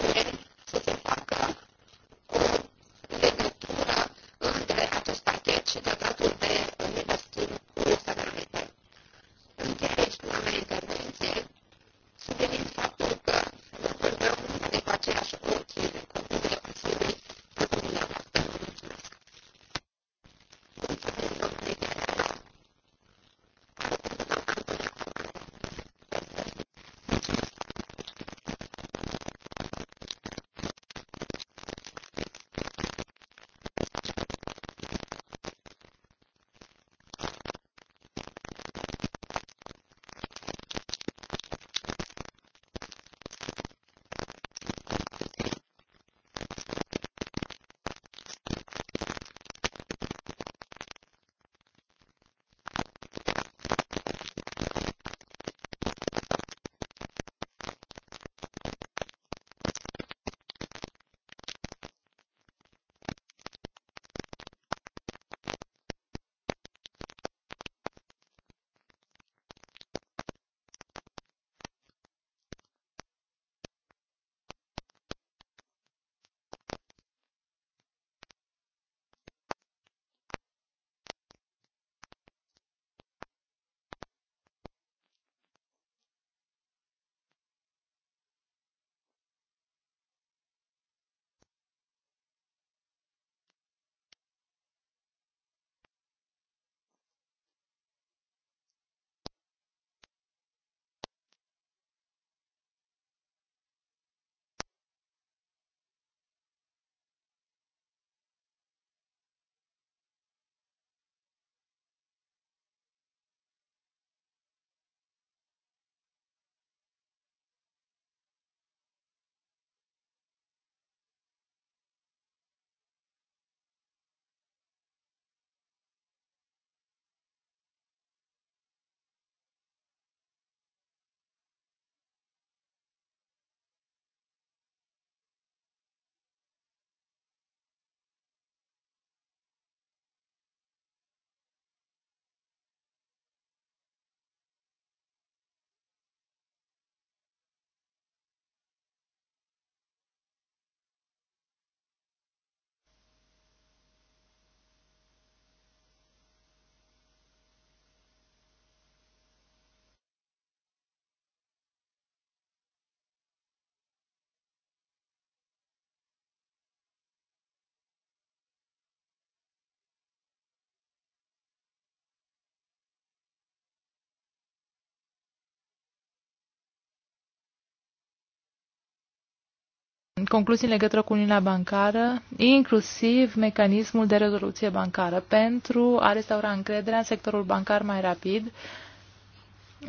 S3: concluzii în legătură cu Uniunea Bancară, inclusiv mecanismul de rezoluție bancară, pentru a restaura încrederea în sectorul bancar mai rapid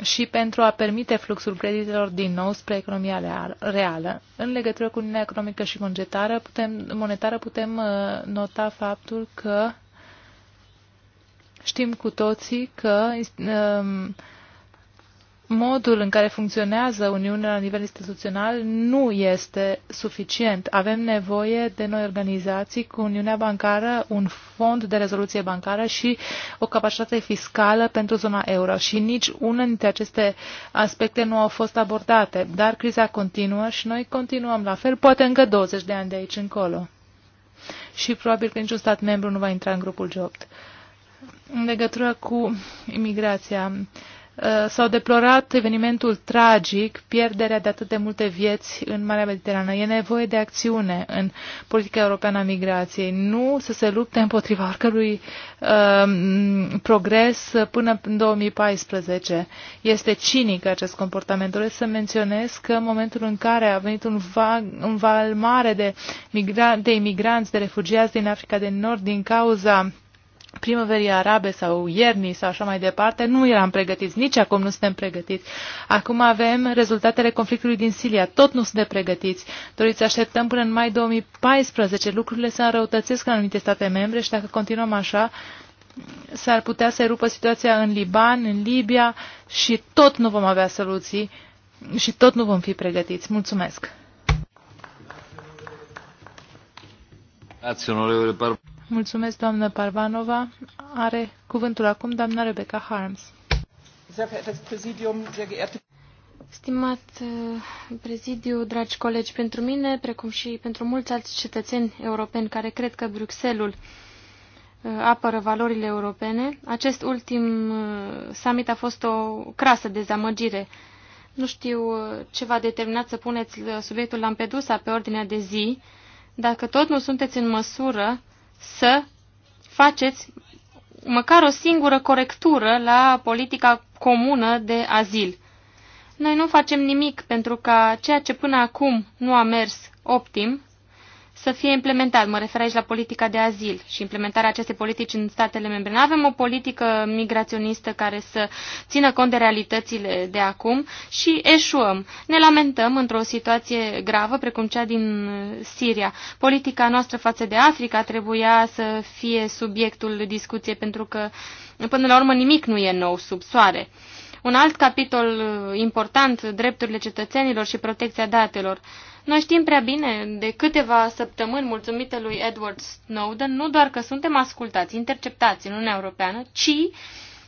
S3: și pentru a permite fluxul creditelor din nou spre economia reală. În legătură cu Uniunea Economică și Monetară putem, monetară putem uh, nota faptul că știm cu toții că um, modul în care funcționează Uniunea la nivel instituțional nu este suficient. Avem nevoie de noi organizații cu Uniunea Bancară, un fond de rezoluție bancară și o capacitate fiscală pentru zona euro. Și nici unul dintre aceste aspecte nu au fost abordate. Dar criza continuă și noi continuăm la fel, poate încă 20 de ani de aici încolo. Și probabil că niciun stat membru nu va intra în grupul G8. În legătură cu imigrația, uh, Uh, s-au deplorat evenimentul tragic, pierderea de atât de multe vieți în Marea Mediterană. E nevoie de acțiune în politica europeană a migrației, nu să se lupte împotriva oricărui uh, progres până în 2014. Este cinic acest comportament. Doresc să menționez că în momentul în care a venit un, un val mare de, migra- de imigranți, de refugiați din Africa de Nord din cauza primăverii arabe sau iernii sau așa mai departe, nu eram pregătiți, nici acum nu suntem pregătiți. Acum avem rezultatele conflictului din Siria, tot nu suntem pregătiți. Doriți să așteptăm până în mai 2014, lucrurile se înrăutățesc în anumite state membre și dacă continuăm așa, s-ar putea să rupă situația în Liban, în Libia și tot nu vom avea soluții și tot nu vom fi pregătiți. Mulțumesc! Mulțumesc, doamnă Parvanova. Are cuvântul acum doamna Rebecca Harms.
S4: Stimat uh, prezidiu, dragi colegi, pentru mine, precum și pentru mulți alți cetățeni europeni care cred că Bruxelles uh, apără valorile europene, acest ultim uh, summit a fost o crasă dezamăgire. Nu știu ce v-a determinat să puneți subiectul Lampedusa pe ordinea de zi. Dacă tot nu sunteți în măsură să faceți măcar o singură corectură la politica comună de azil. Noi nu facem nimic pentru ca ceea ce până acum nu a mers optim să fie implementat. Mă refer aici la politica de azil și implementarea acestei politici în statele membre. Nu avem o politică migraționistă care să țină cont de realitățile de acum și eșuăm. Ne lamentăm într-o situație gravă, precum cea din Siria. Politica noastră față de Africa trebuia să fie subiectul discuției, pentru că, până la urmă, nimic nu e nou sub soare. Un alt capitol uh, important, drepturile cetățenilor și protecția datelor. Noi știm prea bine, de câteva săptămâni, mulțumită lui Edward Snowden, nu doar că suntem ascultați, interceptați în Uniunea Europeană, ci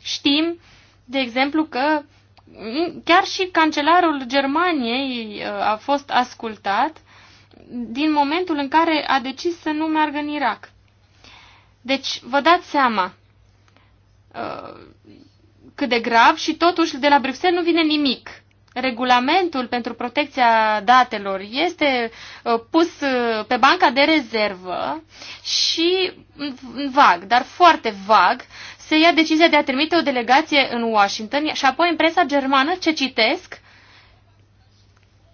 S4: știm, de exemplu, că chiar și cancelarul Germaniei uh, a fost ascultat din momentul în care a decis să nu meargă în Irak. Deci, vă dați seama, uh, cât de grav și totuși de la Bruxelles nu vine nimic. Regulamentul pentru protecția datelor este uh, pus uh, pe banca de rezervă și vag, dar foarte vag, se ia decizia de a trimite o delegație în Washington și apoi în presa germană ce citesc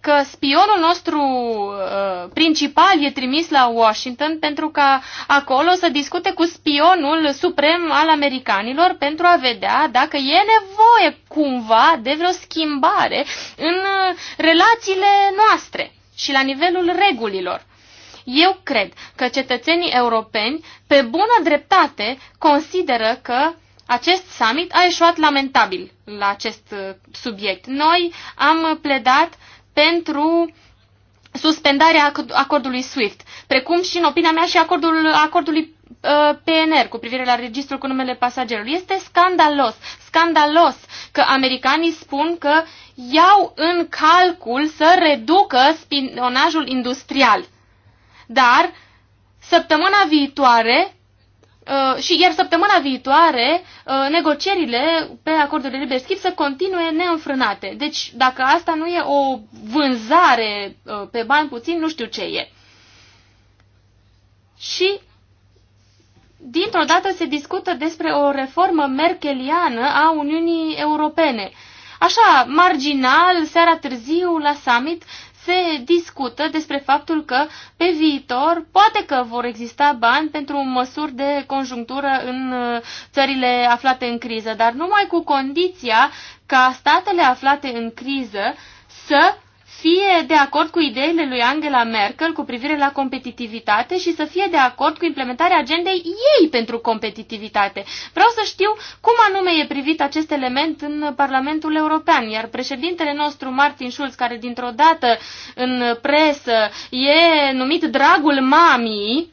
S4: că spionul nostru uh, principal e trimis la Washington pentru ca acolo să discute cu spionul suprem al americanilor pentru a vedea dacă e nevoie cumva de vreo schimbare în uh, relațiile noastre și la nivelul regulilor. Eu cred că cetățenii europeni, pe bună dreptate, consideră că acest summit a eșuat lamentabil la acest uh, subiect. Noi am pledat pentru suspendarea acordului SWIFT, precum și, în opinia mea, și acordul acordului uh, PNR cu privire la registrul cu numele pasagerului. Este scandalos, scandalos că americanii spun că iau în calcul să reducă spionajul industrial. Dar săptămâna viitoare Uh, și iar săptămâna viitoare uh, negocierile pe acordul de liber schimb să continue neînfrânate. Deci dacă asta nu e o vânzare uh, pe bani puțin, nu știu ce e. Și dintr-o dată se discută despre o reformă merkeliană a Uniunii Europene. Așa, marginal, seara târziu, la summit, se discută despre faptul că pe viitor poate că vor exista bani pentru măsuri de conjunctură în uh, țările aflate în criză, dar numai cu condiția ca statele aflate în criză să fie de acord cu ideile lui Angela Merkel cu privire la competitivitate și să fie de acord cu implementarea agendei ei pentru competitivitate. Vreau să știu cum anume e privit acest element în Parlamentul European, iar președintele nostru Martin Schulz, care dintr-o dată în presă e numit dragul mamii,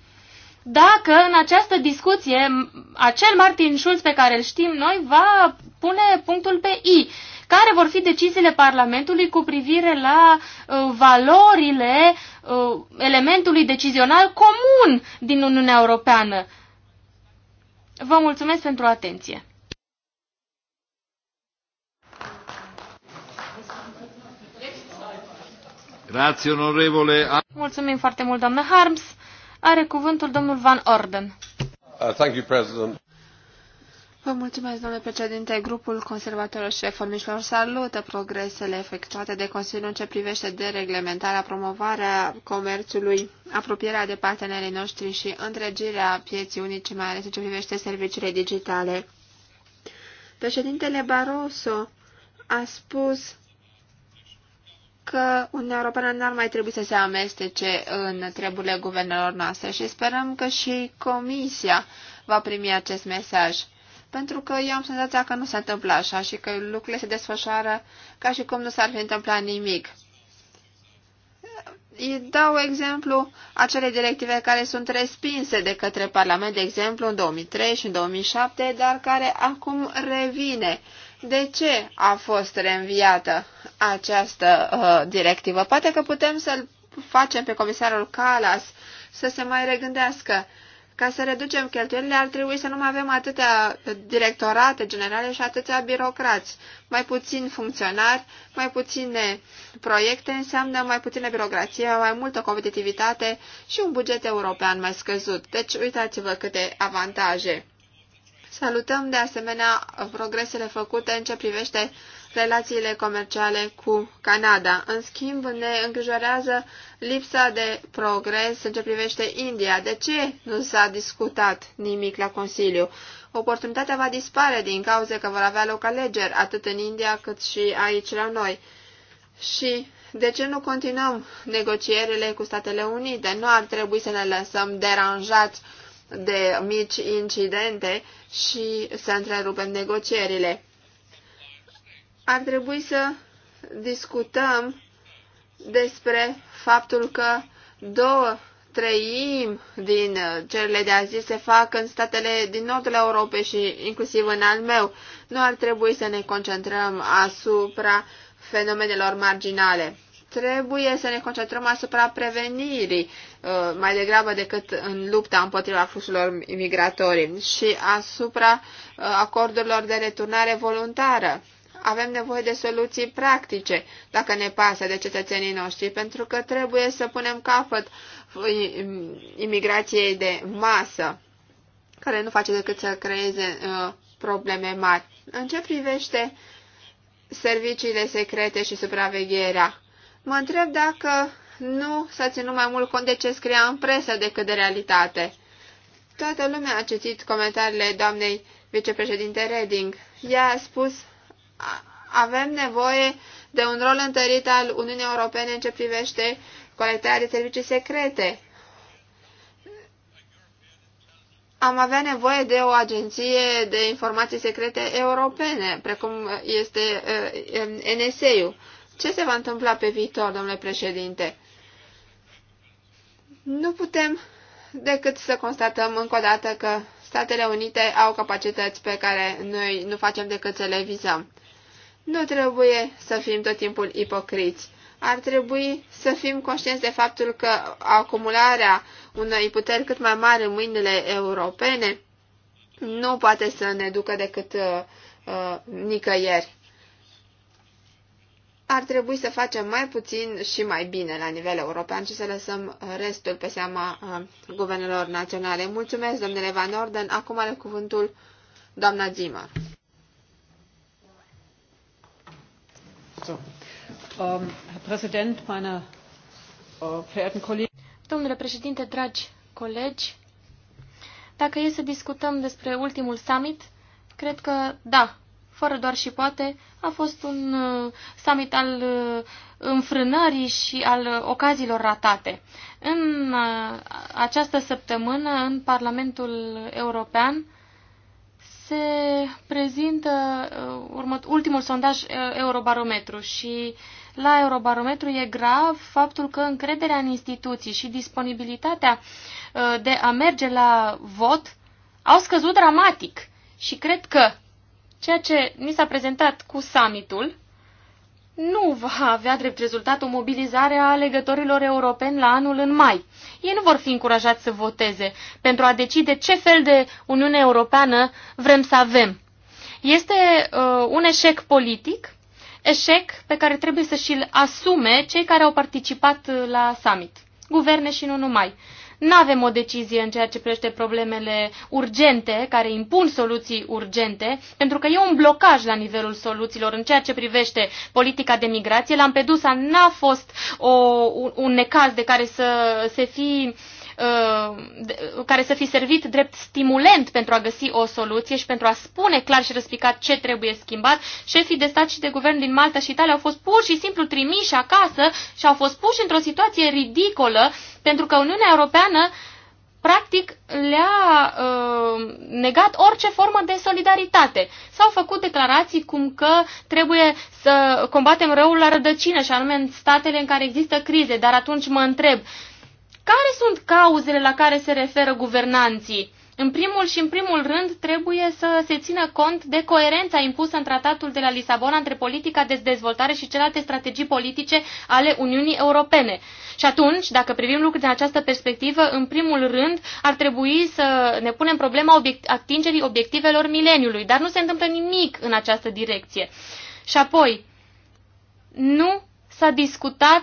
S4: dacă în această discuție acel Martin Schulz pe care îl știm noi va pune punctul pe I care vor fi deciziile Parlamentului cu privire la uh, valorile uh, elementului decizional comun din Uniunea Europeană. Vă mulțumesc pentru atenție.
S1: Grazie, onorevole.
S4: Mulțumim foarte mult, doamnă Harms. Are cuvântul domnul Van
S2: Orden.
S1: Uh, thank you, President.
S2: Vă mulțumesc, domnule președinte. Grupul conservatorilor și reformiștilor salută progresele efectuate de Consiliul în ce privește dereglementarea, promovarea comerțului, apropierea de partenerii noștri și întregirea pieții unice, mai ales în ce privește serviciile digitale. Președintele Barroso a spus că Uniunea Europeană n-ar mai trebui să se amestece în treburile guvernelor noastre și sperăm că și Comisia va primi acest mesaj pentru că eu am senzația că nu se întâmplă așa și că lucrurile se desfășoară ca și cum nu s-ar fi întâmplat nimic. Îi dau exemplu acele directive care sunt respinse de către Parlament, de exemplu, în 2003 și în 2007, dar care acum revine. De ce a fost reînviată această uh, directivă? Poate că putem să-l facem pe comisarul Calas să se mai regândească ca să reducem cheltuielile, ar trebui să nu mai avem atâtea directorate generale și atâtea birocrați. Mai puțin funcționari, mai puține proiecte înseamnă mai puțină birocrație, mai multă competitivitate și un buget european mai scăzut. Deci uitați-vă câte avantaje. Salutăm de asemenea progresele făcute în ce privește relațiile comerciale cu Canada. În schimb, ne îngrijorează lipsa de progres în ce privește India. De ce nu s-a discutat nimic la Consiliu? Oportunitatea va dispare din cauza că vor avea loc alegeri, atât în India cât și aici la noi. Și de ce nu continuăm negocierile cu Statele Unite? Nu ar trebui să ne lăsăm deranjați de mici incidente și să întrerupem negocierile. Ar trebui să discutăm despre faptul că două treimi din uh, cerile de azi se fac în statele din nordul Europei și inclusiv în al meu. Nu ar trebui să ne concentrăm asupra fenomenelor marginale. Trebuie să ne concentrăm asupra prevenirii, uh, mai degrabă decât în lupta împotriva fluxurilor imigratorii și asupra uh, acordurilor de returnare voluntară avem nevoie de soluții practice dacă ne pasă de cetățenii noștri, pentru că trebuie să punem capăt um, imigrației de masă, care nu face decât să creeze uh, probleme mari. În ce privește serviciile secrete și supravegherea, mă întreb dacă nu s-a ținut mai mult cont de ce scria în presă decât de realitate. Toată lumea a citit comentariile doamnei vicepreședinte Reding. Ea a spus avem nevoie de un rol întărit al Uniunii Europene în ce privește colectarea de servicii secrete. Am avea nevoie de o agenție de informații secrete europene, precum este eh, NSA-ul. Ce se va întâmpla pe viitor, domnule președinte? Nu putem decât să constatăm încă o dată că Statele Unite au capacități pe care noi nu facem decât să le vizăm. Nu trebuie să fim tot timpul ipocriți. Ar trebui să fim conștienți de faptul că acumularea unei puteri cât mai mari în mâinile europene nu poate să ne ducă decât uh, uh, nicăieri. Ar trebui să facem mai puțin și mai bine la nivel european și să lăsăm restul pe seama uh, guvernelor naționale. Mulțumesc, domnule Van Orden. Acum are cuvântul doamna Zimmer.
S4: Um, äh, Domnule președinte, dragi colegi, dacă e să discutăm despre ultimul summit, cred că, da, fără doar și poate, a fost un uh, summit al uh, înfrânării și al uh, ocazilor ratate. În această săptămână, în Parlamentul European, se prezintă uh, ultimul sondaj uh, Eurobarometru și la Eurobarometru e grav faptul că încrederea în instituții și disponibilitatea uh, de a merge la vot au scăzut dramatic. Și cred că ceea ce ni s-a prezentat cu summitul nu va avea drept rezultat o mobilizare a alegătorilor europeni la anul în mai. Ei nu vor fi încurajați să voteze pentru a decide ce fel de Uniune Europeană vrem să avem. Este uh, un eșec politic, eșec pe care trebuie să și-l asume cei care au participat uh, la summit, guverne și nu numai. Uh, nu avem o decizie în ceea ce privește problemele urgente, care impun soluții urgente, pentru că e un blocaj la nivelul soluțiilor în ceea ce privește politica de migrație. Lampedusa n-a fost o, un, un necaz de care să se fi uh, Uh, care să fi servit drept stimulent pentru a găsi o soluție și pentru a spune clar și răspicat ce trebuie schimbat. Șefii de stat și de guvern din Malta și Italia au fost pur și simplu trimiși acasă și au fost puși într-o situație ridicolă pentru că Uniunea Europeană practic le-a uh, negat orice formă de solidaritate. S-au făcut declarații cum că trebuie să combatem răul la rădăcină, și anume în statele în care există crize, dar atunci mă întreb, uh, care sunt cauzele la care se referă guvernanții? În primul și în primul rând trebuie să se țină cont de coerența impusă în tratatul de la Lisabona între politica de dezvoltare și celelalte strategii politice ale Uniunii Europene. Și atunci, dacă privim lucrurile din această perspectivă, în primul rând ar trebui să ne punem problema obiect- atingerii obiectivelor mileniului, dar nu se întâmplă nimic în această direcție. Și apoi, nu s-a discutat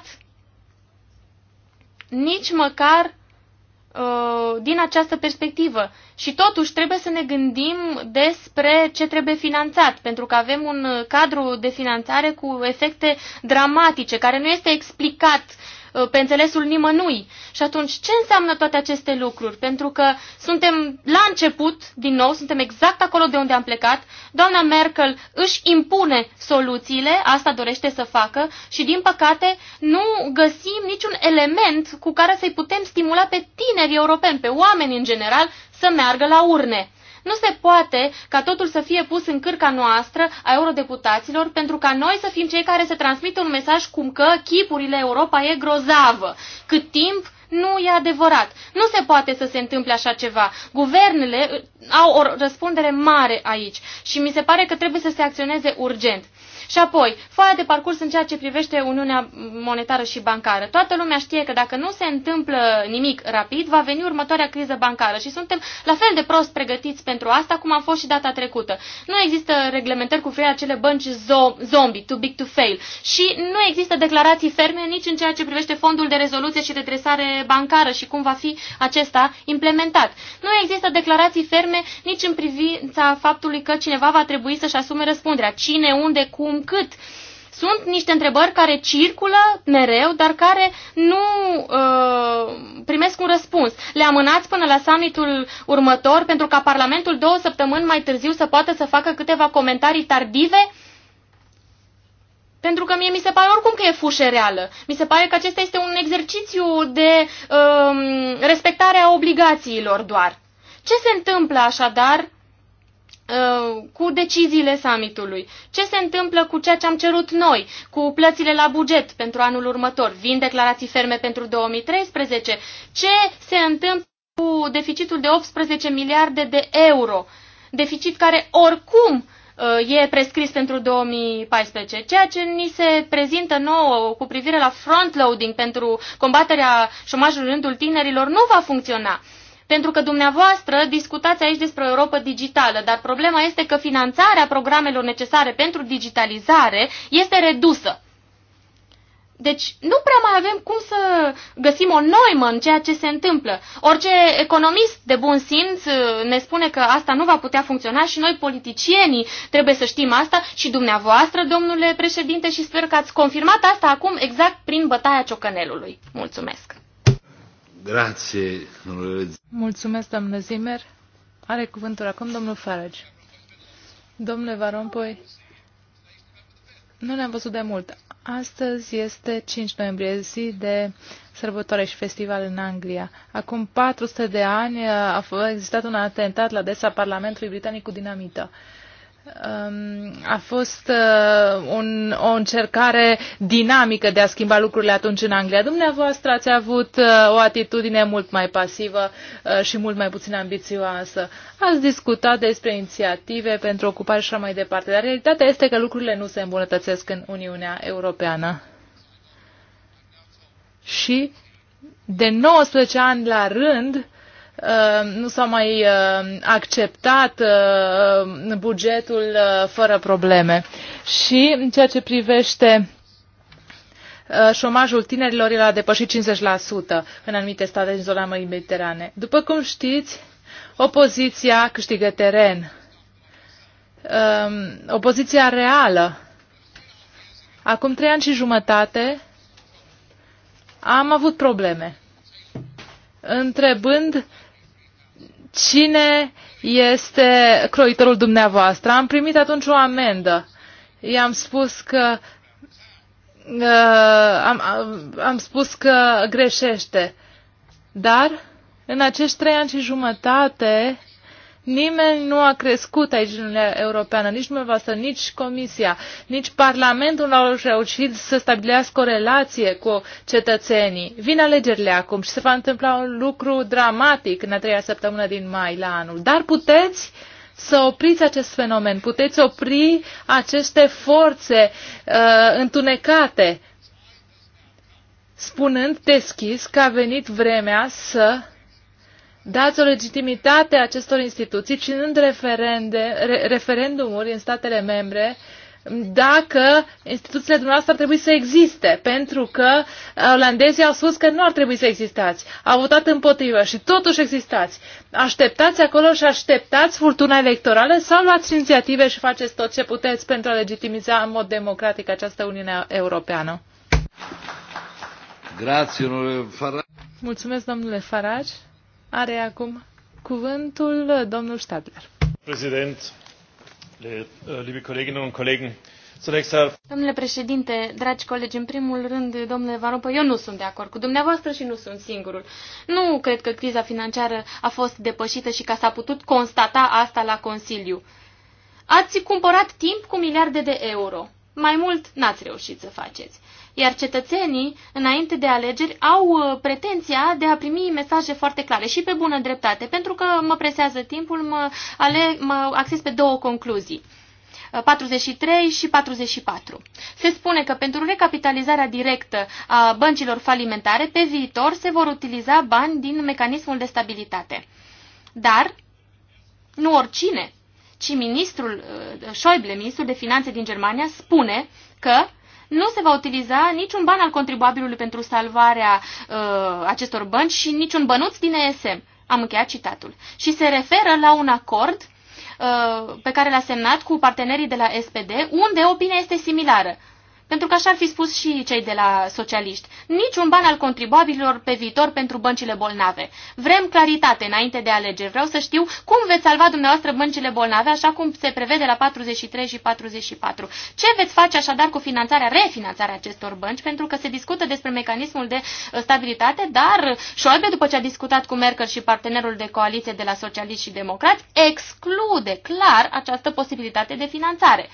S4: nici măcar uh, din această perspectivă. Și totuși trebuie să ne gândim despre ce trebuie finanțat, pentru că avem un cadru de finanțare cu efecte dramatice, care nu este explicat Uh, pe înțelesul nimănui. Și atunci, ce înseamnă toate aceste lucruri? Pentru că suntem la început, din nou, suntem exact acolo de unde am plecat. Doamna Merkel își impune soluțiile, asta dorește să facă și, din păcate, nu găsim niciun element cu care să-i putem stimula pe tineri europeni, pe oameni în general, să meargă la urne. Nu se poate ca totul să fie pus în cârca noastră a eurodeputaților pentru ca noi să fim cei care să transmită un mesaj cum că chipurile Europa e grozavă, cât timp nu e adevărat. Nu se poate să se întâmple așa ceva. Guvernele uh, au o răspundere mare aici și mi se pare că trebuie să se acționeze urgent. Și apoi, foaia de parcurs în ceea ce privește Uniunea Monetară și Bancară. Toată lumea știe că dacă nu se întâmplă nimic rapid, va veni următoarea criză bancară și suntem la fel de prost pregătiți pentru asta cum am fost și data trecută. Nu există reglementări cu privire la cele bănci zombie, too big to fail. Și nu există declarații ferme nici în ceea ce privește fondul de rezoluție și redresare bancară și cum va fi acesta implementat. Nu există declarații ferme nici în privința faptului că cineva va trebui să-și asume răspunderea. Cine, unde, cum, încât sunt niște întrebări care circulă mereu, dar care nu uh, primesc un răspuns. Le amânați până la summitul următor pentru ca Parlamentul două săptămâni mai târziu să poată să facă câteva comentarii tardive? Pentru că mie mi se pare oricum că e fușe reală. Mi se pare că acesta este un exercițiu de uh, respectare a obligațiilor doar. Ce se întâmplă așadar Uh, cu deciziile summitului. Ce se întâmplă cu ceea ce am cerut noi, cu plățile la buget pentru anul următor? Vin declarații ferme pentru 2013? Ce se întâmplă cu deficitul de 18 miliarde de euro? Deficit care oricum uh, e prescris pentru 2014. Ceea ce ni se prezintă nouă cu privire la frontloading pentru combaterea șomajului în rândul tinerilor nu va funcționa. Pentru că dumneavoastră discutați aici despre o Europa digitală, dar problema este că finanțarea programelor necesare pentru digitalizare este redusă. Deci nu prea mai avem cum să găsim o noimă în ceea ce se întâmplă. Orice economist de bun simț uh, ne spune că asta nu va putea funcționa și noi politicienii trebuie să știm asta și dumneavoastră, domnule președinte, și sper că ați confirmat asta acum exact prin bătaia ciocănelului. Mulțumesc!
S1: Mulțumesc domnule
S3: Mulțumesc, Zimmer. Are cuvântul acum domnul Farage. Domnule Varompoi, nu ne-am văzut de mult. Astăzi este 5 noiembrie, zi de sărbătoare și festival în Anglia. Acum 400 de ani a existat un atentat la desa Parlamentului Britanic cu dinamită. Uh, Um, a fost uh, un, o încercare dinamică de a schimba lucrurile atunci în Anglia. Dumneavoastră ați avut uh, o atitudine mult mai pasivă uh, și mult mai puțin ambițioasă. Ați discutat despre inițiative pentru ocupare și așa mai departe, dar realitatea este că lucrurile nu se îmbunătățesc în Uniunea Europeană. Și de 19 ani la rând, uh, Uh, nu s-a mai uh, acceptat uh, bugetul fără probleme. Și în ceea ce privește șomajul tinerilor, el a depășit 50% în anumite state din zona Mării Mediterane. După cum știți, opoziția câștigă teren. Opoziția reală. Acum trei ani și jumătate am avut probleme întrebând cine este croitorul dumneavoastră. Am primit atunci o amendă. I-am spus că uh, am, am spus că greșește. Dar în acești trei ani și jumătate Nimeni nu a crescut aici în Uniunea Europeană, nici dumneavoastră, nici Comisia, nici Parlamentul nu au reușit să stabilească o relație cu cetățenii. Vin alegerile acum și se va întâmpla un lucru dramatic în a treia săptămână din mai la anul. Dar puteți să opriți acest fenomen, puteți opri aceste forțe uh, întunecate, spunând deschis că a venit vremea să dați o legitimitate acestor instituții, ținând referende, re, referendumuri în statele membre, dacă instituțiile dumneavoastră ar trebui să existe, pentru că uh, olandezii au spus că nu ar trebui să existați. Au votat împotrivă și totuși existați. Așteptați acolo și așteptați furtuna electorală sau luați inițiative și faceți tot ce puteți pentru a legitimiza în mod democratic această Uniune Europeană? Grazie, Mulțumesc, domnule Farage. Are acum cuvântul domnul Stadler.
S1: Prezident, uh, liebe Kolleginnen und Kollegen,
S4: Domnule președinte, dragi colegi, în primul rând, domnule Van Rompuy, eu nu sunt de acord cu dumneavoastră și nu sunt singurul. Nu cred că criza financiară a fost depășită și că s-a putut constata asta la Consiliu. Ați cumpărat timp cu miliarde de euro. Mai mult n-ați reușit să faceți iar cetățenii, înainte de alegeri, au uh, pretenția de a primi mesaje foarte clare și pe bună dreptate, pentru că mă presează timpul, mă, ale, mă acces pe două concluzii. 43 uh, și 44. Se spune că pentru recapitalizarea directă a băncilor falimentare, pe viitor se vor utiliza bani din mecanismul de stabilitate. Dar nu oricine, ci ministrul uh, Schäuble, ministrul de finanțe din Germania, spune că nu se va utiliza niciun ban al contribuabilului pentru salvarea uh, acestor bănci și niciun bănuț din ESM. Am încheiat citatul. Și se referă la un acord uh, pe care l-a semnat cu partenerii de la SPD, unde opinia este similară. Pentru că așa ar fi spus și cei de la socialiști. Niciun ban al contribuabililor pe viitor pentru băncile bolnave. Vrem claritate înainte de alegeri. Vreau să știu cum veți salva dumneavoastră băncile bolnave, așa cum se prevede la 43 și 44. Ce veți face așadar cu finanțarea, refinanțarea acestor bănci? Pentru că se discută despre mecanismul de uh, stabilitate, dar Șoabe, după ce a discutat cu Merkel și partenerul de coaliție de la socialiști și democrați, exclude clar această posibilitate de finanțare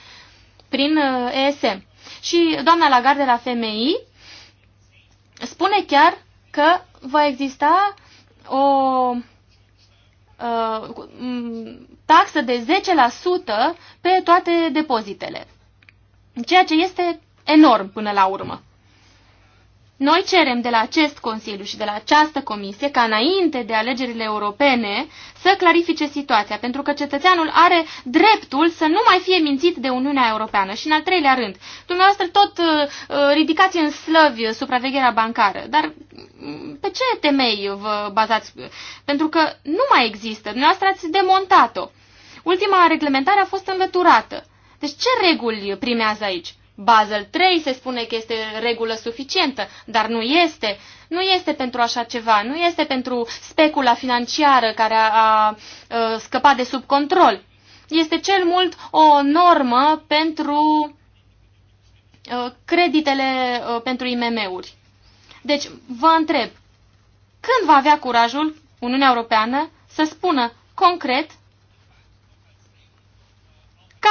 S4: prin uh, ESM. Și doamna Lagarde la FMI spune chiar că va exista o uh, taxă de 10% pe toate depozitele, ceea ce este enorm până la urmă. Noi cerem de la acest Consiliu și de la această Comisie ca înainte de alegerile europene să clarifice situația, pentru că cetățeanul are dreptul să nu mai fie mințit de Uniunea Europeană. Și în al treilea rând, dumneavoastră tot uh, uh ridicați în slăvi supravegherea bancară, dar mm, pe ce temei vă bazați? Pentru că nu mai există, dumneavoastră ați demontat-o. Ultima reglementare a fost înlăturată. Deci ce reguli primează aici? Basel III se spune că este regulă suficientă, dar nu este. Nu este pentru așa ceva, nu este pentru specula financiară care a, a, a scăpat de sub control. Este cel mult o normă pentru a, creditele a, pentru IMM-uri. Deci, vă întreb, când va avea curajul Uniunea Europeană să spună concret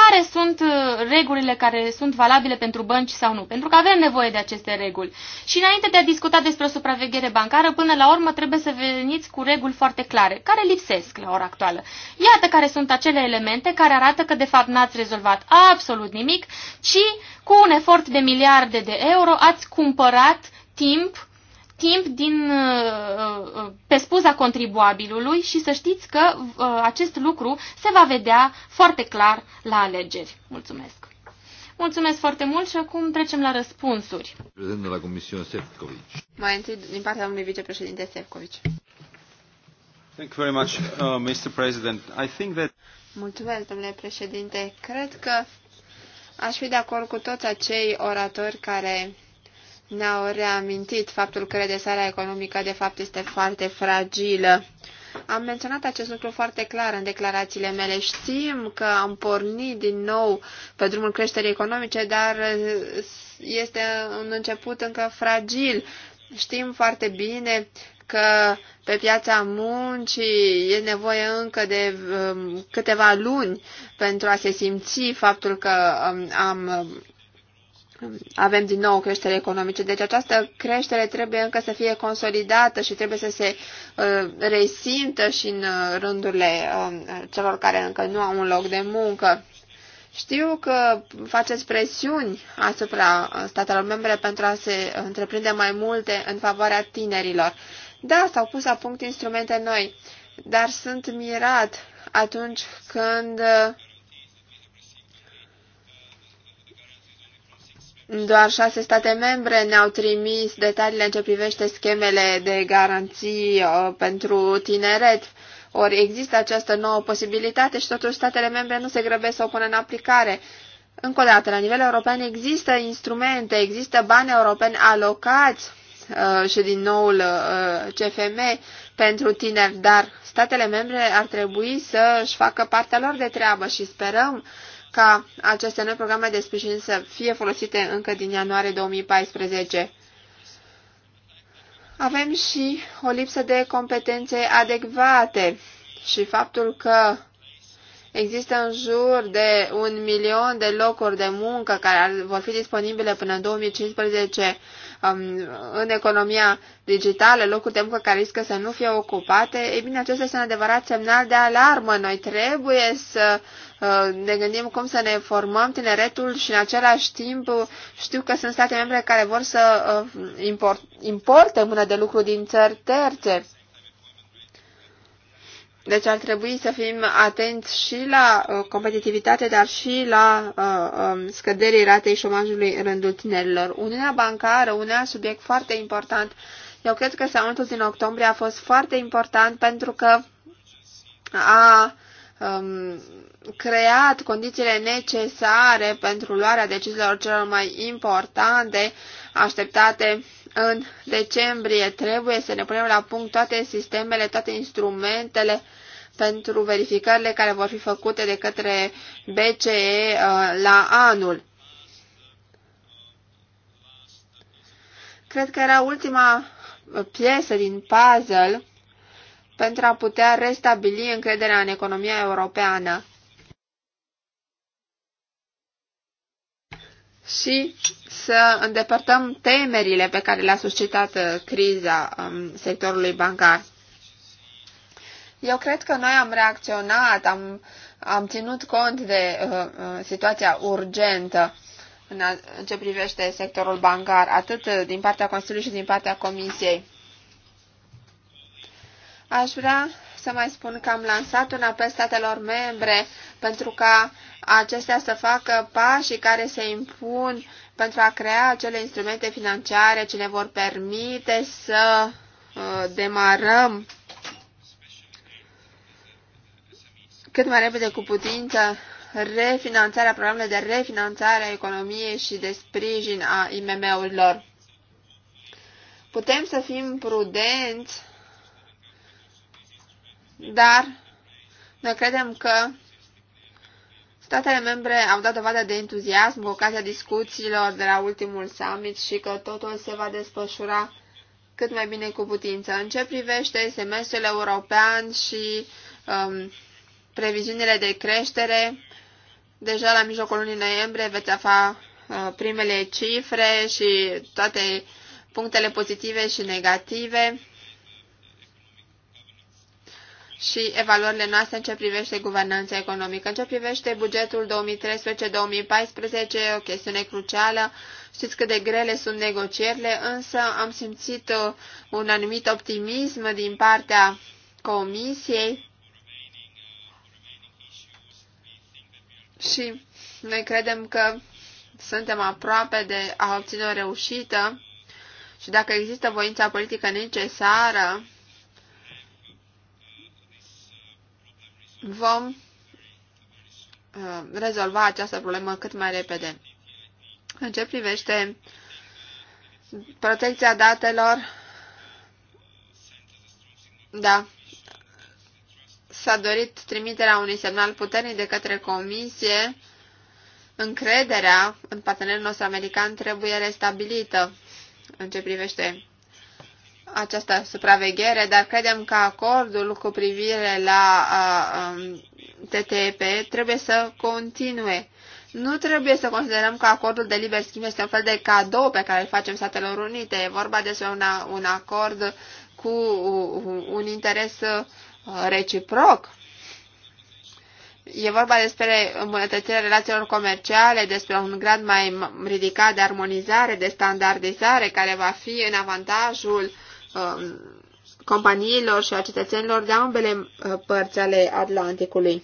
S4: care sunt uh, regulile care sunt valabile pentru bănci sau nu, pentru că avem nevoie de aceste reguli. Și înainte de a discuta despre o supraveghere bancară, până la urmă trebuie să veniți cu reguli foarte clare, care lipsesc la ora actuală. Iată care sunt acele elemente care arată că de fapt n-ați rezolvat absolut nimic, ci cu un efort de miliarde de euro ați cumpărat timp timp din, uh, uh, pe spuza contribuabilului și să știți că uh, acest lucru se va vedea foarte clar la alegeri. Mulțumesc! Mulțumesc foarte mult și acum trecem la răspunsuri.
S1: Președintele la Comisiune Sefcovic.
S4: Mai întâi
S2: din partea domnului vicepreședinte Sefcovic.
S1: Thank you very much, uh, Mr. President. I think that...
S2: Mulțumesc, domnule președinte. Cred că aș fi de acord cu toți acei oratori care ne-au reamintit faptul că redesarea economică de fapt este foarte fragilă. Am menționat acest lucru foarte clar în declarațiile mele. Știm că am pornit din nou pe drumul creșterii economice, dar este un început încă fragil. Știm foarte bine că pe piața muncii e nevoie încă de um, câteva luni pentru a se simți faptul că um, am avem din nou creștere economice. Deci această creștere trebuie încă să fie consolidată și trebuie să se uh, resimtă și în uh, rândurile uh, celor care încă nu au un loc de muncă. Știu că faceți presiuni asupra statelor membre pentru a se întreprinde mai multe în favoarea tinerilor. Da, s-au pus la punct instrumente noi, dar sunt mirat atunci când uh, Doar șase state membre ne-au trimis detaliile în ce privește schemele de garanții uh, pentru tineret. Ori există această nouă posibilitate și totuși statele membre nu se grăbesc să o pună în aplicare. Încă o dată, la nivel european există instrumente, există bani europeni alocați uh, și din noul uh, CFM pentru tineri, dar statele membre ar trebui să-și facă partea lor de treabă și sperăm ca aceste noi programe de sprijin să fie folosite încă din ianuarie 2014. Avem și o lipsă de competențe adecvate și faptul că există în jur de un milion de locuri de muncă care vor fi disponibile până în 2015 um, în economia digitală, locuri de muncă care riscă să nu fie ocupate, e bine, acesta este un adevărat semnal de alarmă. Noi trebuie să uh, Uh, ne gândim cum să ne formăm tineretul și în același timp uh, știu că sunt state membre care vor să uh, import, importe mână de lucru din țări terțe. Deci ar trebui să fim atenți și la competitivitate, dar și la um, scăderii ratei șomajului în rândul tinerilor. Uniunea bancară, un alt subiect foarte important. Eu cred că summitul din octombrie a fost foarte important pentru că a um, creat condițiile necesare pentru luarea deciziilor celor mai importante așteptate în decembrie. Trebuie să ne punem la punct toate sistemele, toate instrumentele pentru verificările care vor fi făcute de către BCE uh, la anul. Cred că era ultima piesă din puzzle pentru a putea restabili încrederea în economia europeană. și să îndepărtăm temerile pe care le-a suscitat uh, criza um, sectorului bancar. Eu cred că noi am reacționat, am, am ținut cont de uh, uh, situația urgentă în, a, în ce privește sectorul bancar, atât din partea Consiliului și din partea Comisiei. Aș vrea să mai spun că am lansat un apel statelor membre pentru ca acestea să facă pașii care se impun pentru a crea acele instrumente financiare ce ne vor permite să uh, demarăm cât mai repede cu putință refinanțarea, programele de refinanțare a economiei și de sprijin a IMM-urilor. Putem să fim prudenți dar noi credem că statele membre au dat dovadă de entuziasm cu ocazia discuțiilor de la ultimul summit și că totul se va desfășura cât mai bine cu putință. În ce privește semestrul european și um, previziunile de creștere, deja la mijlocul lunii noiembrie veți afla uh, primele cifre și toate punctele pozitive și negative și evaluările noastre în ce privește guvernanța economică. În ce privește bugetul 2013-2014, o chestiune crucială, știți cât de grele sunt negocierile, însă am simțit uh, un anumit optimism din partea Comisiei și noi credem că suntem aproape de a obține o reușită și dacă există voința politică necesară, vom uh, rezolva această problemă cât mai repede. În ce privește protecția datelor, da, s-a dorit trimiterea unui semnal puternic de către Comisie. Încrederea în partenerul nostru american trebuie restabilită în ce privește această supraveghere, dar credem că acordul cu privire la TTP trebuie să continue. Nu trebuie să considerăm că acordul de liber schimb este un fel de cadou pe care îl facem Statelor Unite. E vorba despre una, un acord cu un interes uh, reciproc. E vorba despre îmbunătățirea relațiilor comerciale, despre un grad mai ridicat de armonizare, de standardizare, care va fi în avantajul Um, companiilor și a cetățenilor de ambele uh, părți ale Atlanticului.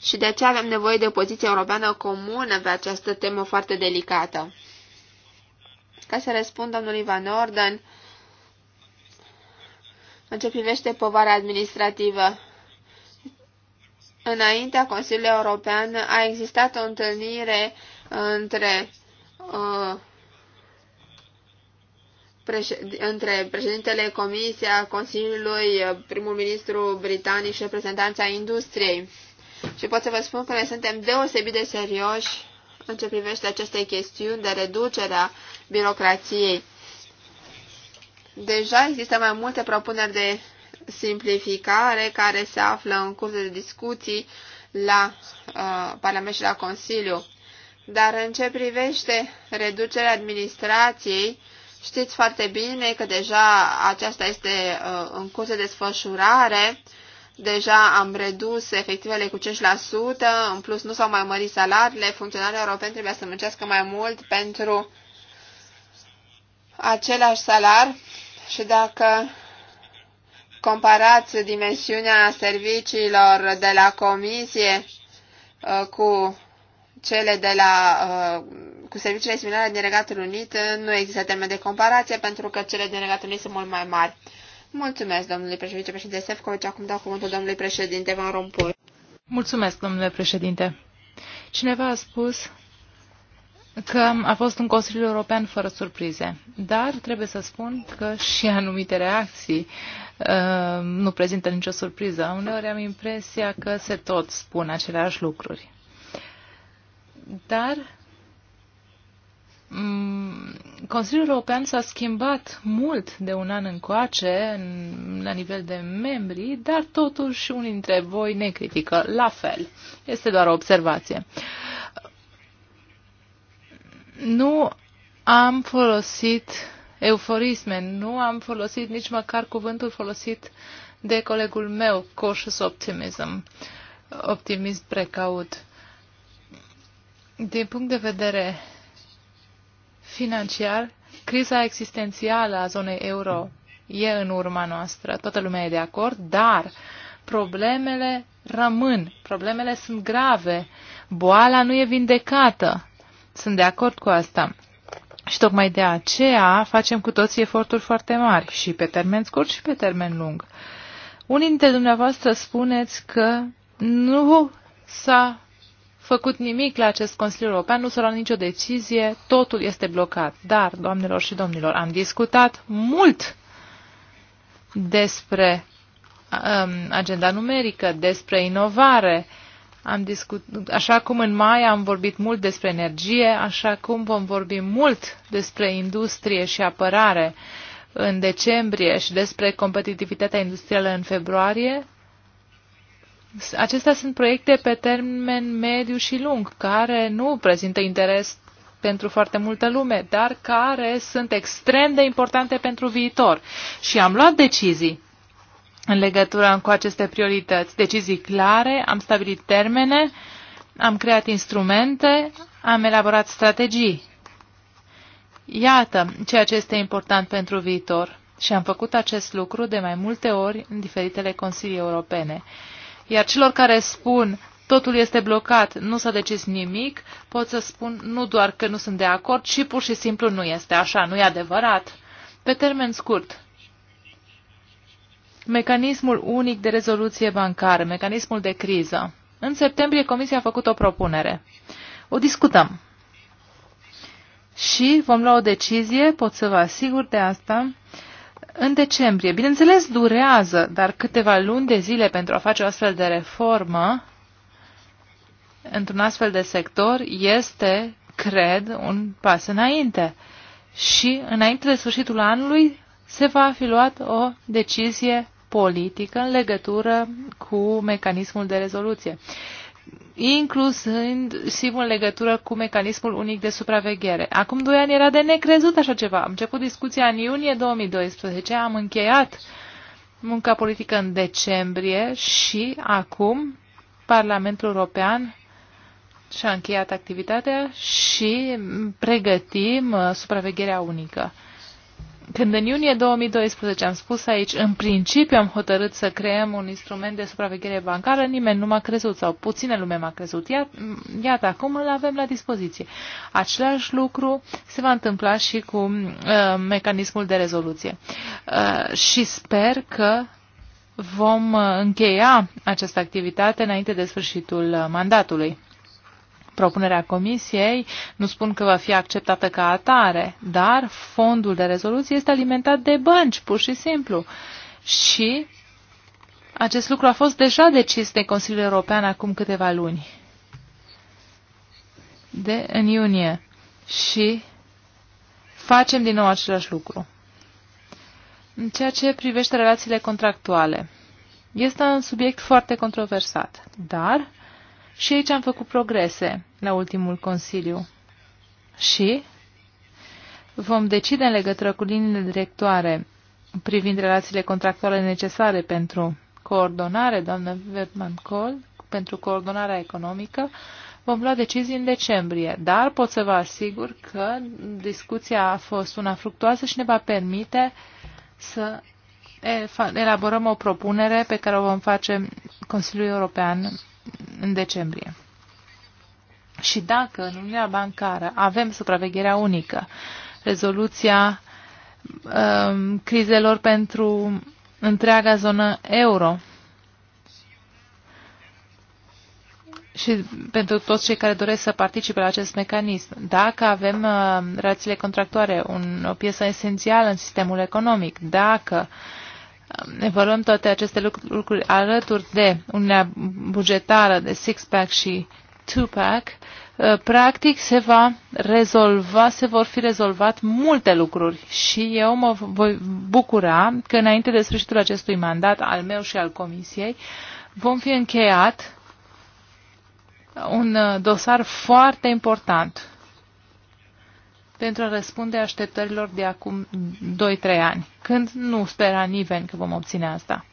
S2: Și de aceea avem nevoie de o poziție europeană comună pe această temă foarte delicată. Ca să răspund domnului Van Orden, în ce privește povara administrativă, înaintea Consiliului European a existat o întâlnire între uh, între președintele Comisia Consiliului, primul ministru britanic și reprezentanța industriei. Și pot să vă spun că noi suntem deosebit de serioși în ce privește aceste chestiuni de reducerea birocrației. Deja există mai multe propuneri de simplificare care se află în curs de discuții la uh, Parlament și la Consiliu. Dar în ce privește reducerea administrației, Știți foarte bine că deja aceasta este uh, în curs de desfășurare. Deja am redus efectivele cu 5%, în plus nu s-au mai mărit salariile, funcționarii europeni trebuia să muncească mai mult pentru același salar și dacă comparați dimensiunea serviciilor de la comisie uh, cu cele de la uh, cu serviciile similare din Regatul Unit nu există termen de comparație pentru că cele din Regatul Unit sunt mult mai mari. Mulțumesc, domnului președinte, președinte Sefcovici. Acum dau cuvântul domnului președinte Van Rompuy.
S3: Mulțumesc, domnule președinte. Cineva a spus că a fost un Consiliu European fără surprize, dar trebuie să spun că și anumite reacții uh, nu prezintă nicio surpriză. Uneori am impresia că se tot spun aceleași lucruri. Dar Mm, Consiliul European s-a schimbat mult de un an încoace în, la nivel de membri, dar totuși unii dintre voi ne critică la fel. Este doar o observație. Nu am folosit euforisme, nu am folosit nici măcar cuvântul folosit de colegul meu, cautious optimism, optimism precaut. Din punct de vedere financiar, criza existențială a zonei euro e în urma noastră, toată lumea e de acord, dar problemele rămân, problemele sunt grave, boala nu e vindecată. Sunt de acord cu asta. Și tocmai de aceea facem cu toții eforturi foarte mari, și pe termen scurt și pe termen lung. Unii dintre dumneavoastră spuneți că nu s-a făcut nimic la acest Consiliu European, nu s-a luat nicio decizie, totul este blocat. Dar, doamnelor și domnilor, am discutat mult despre um, agenda numerică, despre inovare, am discut, așa cum în mai am vorbit mult despre energie, așa cum vom vorbi mult despre industrie și apărare în decembrie și despre competitivitatea industrială în februarie, Acestea sunt proiecte pe termen mediu și lung, care nu prezintă interes pentru foarte multă lume, dar care sunt extrem de importante pentru viitor. Și am luat decizii în legătură cu aceste priorități. Decizii clare, am stabilit termene, am creat instrumente, am elaborat strategii. Iată ceea ce este important pentru viitor. Și am făcut acest lucru de mai multe ori în diferitele consilii europene. Iar celor care spun totul este blocat, nu s-a decis nimic, pot să spun nu doar că nu sunt de acord, ci pur și simplu nu este așa, nu e adevărat. Pe termen scurt, mecanismul unic de rezoluție bancară, mecanismul de criză. În septembrie Comisia a făcut o propunere. O discutăm. Și vom lua o decizie, pot să vă asigur de asta, în decembrie. Bineînțeles, durează, dar câteva luni de zile pentru a face o astfel de reformă într-un astfel de sector este, cred, un pas înainte. Și înainte de sfârșitul anului se va fi luat o decizie politică în legătură cu mecanismul de rezoluție inclusiv în legătură cu mecanismul unic de supraveghere. Acum doi ani era de necrezut așa ceva. Am început discuția în iunie 2012, am încheiat munca politică în decembrie și acum Parlamentul European și-a încheiat activitatea și pregătim uh, supravegherea unică. Când în iunie 2012 am spus aici, în principiu am hotărât să creăm un instrument de supraveghere bancară, nimeni nu m-a crezut sau puține lume m-a crezut. Iată, acum îl avem la dispoziție. Același lucru se va întâmpla și cu uh, mecanismul de rezoluție. Uh, și sper că vom uh, încheia această activitate înainte de sfârșitul uh, mandatului propunerea Comisiei, nu spun că va fi acceptată ca atare, dar fondul de rezoluție este alimentat de bănci, pur și simplu. Și acest lucru a fost deja decis de Consiliul European acum câteva luni, de, în iunie. Și facem din nou același lucru. În ceea ce privește relațiile contractuale, este un subiect foarte controversat, dar și aici am făcut progrese la ultimul Consiliu. Și vom decide în legătură cu liniile directoare privind relațiile contractuale necesare pentru coordonare, doamnă Vertman Cole, pentru coordonarea economică, vom lua decizii în decembrie, dar pot să vă asigur că discuția a fost una fructuoasă și ne va permite să elaborăm o propunere pe care o vom face Consiliul European în decembrie. Și dacă în Uniunea Bancară avem supravegherea unică, rezoluția um, crizelor pentru întreaga zonă euro și pentru toți cei care doresc să participe la acest mecanism. Dacă avem uh, relațiile contractoare, un, o piesă esențială în sistemul economic, dacă uh, evaluăm toate aceste lucruri alături de unea bugetară de six-pack și two-pack, uh, practic se va rezolva, se vor fi rezolvat multe lucruri și eu mă voi bucura că înainte de sfârșitul acestui mandat al meu și al Comisiei vom fi încheiat un uh, dosar foarte important pentru a răspunde așteptărilor de acum 2-3 ani, când nu spera nimeni că vom obține asta.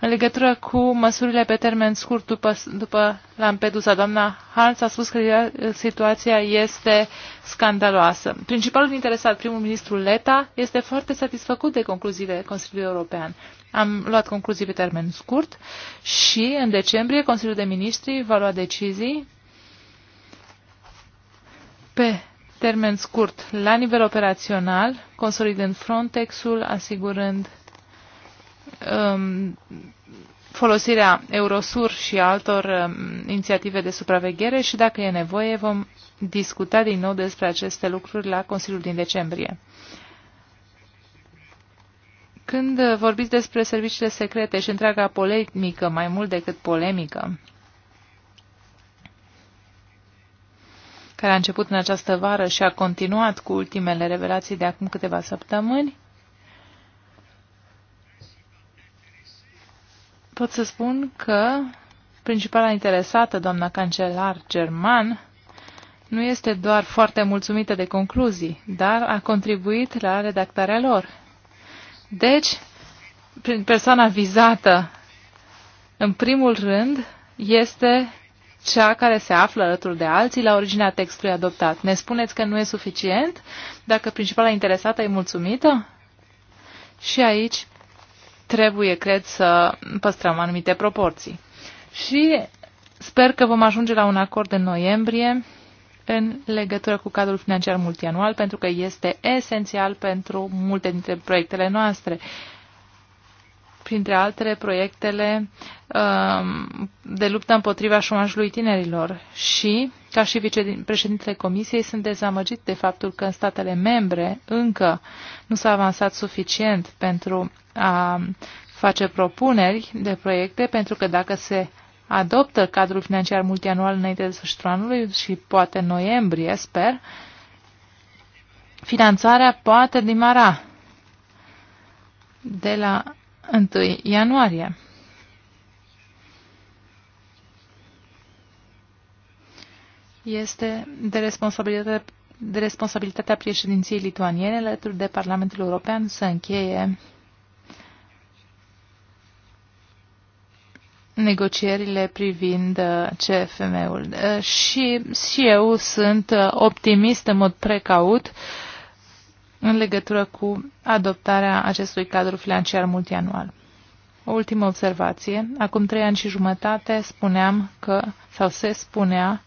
S3: În legătură cu măsurile pe termen scurt după, după Lampedusa, doamna Hans a spus că situația este scandaloasă. Principalul interesat, primul ministru Leta, este foarte satisfăcut de concluziile Consiliului European. Am luat concluzii pe termen scurt și în decembrie Consiliul de Ministri va lua decizii pe termen scurt la nivel operațional, consolidând Frontex-ul, asigurând um, folosirea Eurosur și altor um, inițiative de supraveghere și, dacă e nevoie, vom discuta din nou despre aceste lucruri la Consiliul din decembrie. Când vorbiți despre serviciile secrete și întreaga polemică, mai mult decât polemică, care a început în această vară și a continuat cu ultimele revelații de acum câteva săptămâni, pot să spun că principala interesată, doamna cancelar german, nu este doar foarte mulțumită de concluzii, dar a contribuit la redactarea lor. Deci, persoana vizată, în primul rând, este cea care se află alături de alții la originea textului adoptat. Ne spuneți că nu e suficient? Dacă principala interesată e mulțumită? Și aici trebuie, cred, să păstrăm anumite proporții. Și sper că vom ajunge la un acord în noiembrie în legătură cu cadrul financiar multianual, pentru că este esențial pentru multe dintre proiectele noastre printre altele, proiectele um, de luptă împotriva șomajului tinerilor și, ca și vicepreședintele Comisiei, sunt dezamăgit de faptul că în statele membre încă nu s-a avansat suficient pentru a face propuneri de proiecte, pentru că dacă se adoptă cadrul financiar multianual înainte de sfârșitul anului și poate noiembrie, sper, finanțarea poate dimara de la 1 ianuarie. Este de responsabilitate de responsabilitatea președinției lituaniene alături de Parlamentul European să încheie negocierile privind uh, CFM-ul. Uh, și, și eu sunt uh, optimist în mod precaut în legătură cu adoptarea acestui cadru financiar multianual. O ultimă observație. Acum trei ani și jumătate spuneam că, sau se spunea,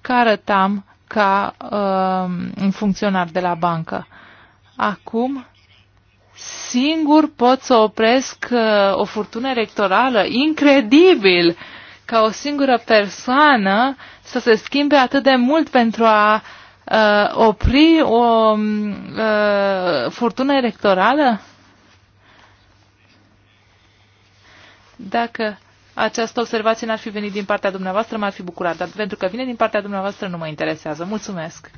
S3: că arătam ca uh, un funcționar de la bancă. Acum singur pot să opresc uh, o furtună electorală. Incredibil! Ca o singură persoană să se schimbe atât de mult pentru a uh, opri o um, uh, furtună electorală? Dacă această observație n-ar fi venit din partea dumneavoastră, m-ar fi bucurat, dar pentru că vine din partea dumneavoastră nu mă interesează. Mulțumesc!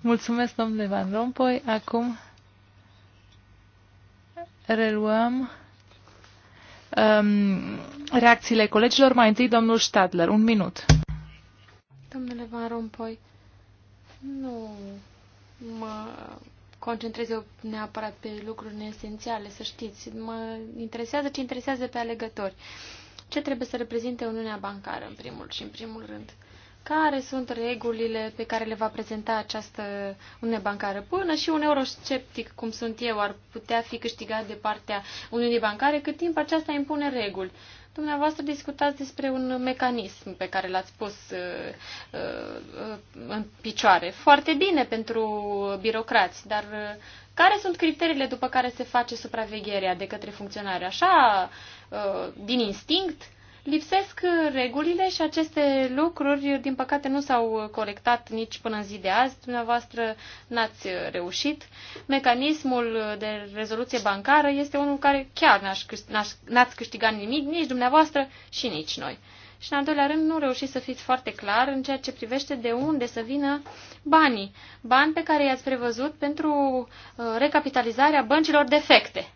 S3: Mulțumesc, domnule Van Rompuy. Acum reluăm um, reacțiile colegilor. Mai întâi, domnul Stadler. Un minut.
S4: Domnule Van Rompuy, nu mă concentrez eu neapărat pe lucruri neesențiale, să știți. Mă interesează ce interesează pe alegători. Ce trebuie să reprezinte Uniunea Bancară, în primul și în primul rând? Care sunt regulile pe care le va prezenta această Uniune Bancară? Până și un eurosceptic, cum sunt eu, ar putea fi câștigat de partea Uniunii Bancare, cât timp aceasta impune reguli. Dumneavoastră discutați despre un mecanism pe care l-ați pus uh, uh, în picioare. Foarte bine pentru birocrați, dar uh, care sunt criteriile după care se face supravegherea de către funcționari? Așa, din instinct? lipsesc regulile și aceste lucruri, din păcate, nu s-au colectat nici până în zi de azi. Dumneavoastră n-ați reușit. Mecanismul de rezoluție bancară este unul care chiar n-ați câștigat nimic, nici dumneavoastră și nici noi. Și, în al doilea rând, nu reușiți să fiți foarte clar în ceea ce privește de unde să vină banii. Bani pe care i-ați prevăzut pentru uh, recapitalizarea băncilor defecte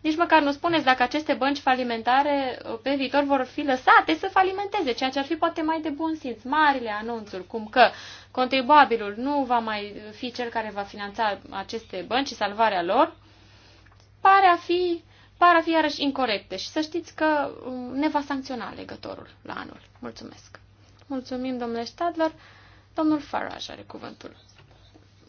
S4: nici măcar nu spuneți dacă aceste bănci falimentare uh, pe viitor vor fi lăsate să falimenteze, ceea ce ar fi poate mai de bun simț. Marile anunțuri, cum că contribuabilul nu va mai fi cel care va finanța aceste bănci și salvarea lor, pare a fi, pare a fi iarăși incorrecte și să știți că uh, ne va sancționa legătorul la anul. Mulțumesc! Mulțumim, domnule Stadler. Domnul Farage are cuvântul.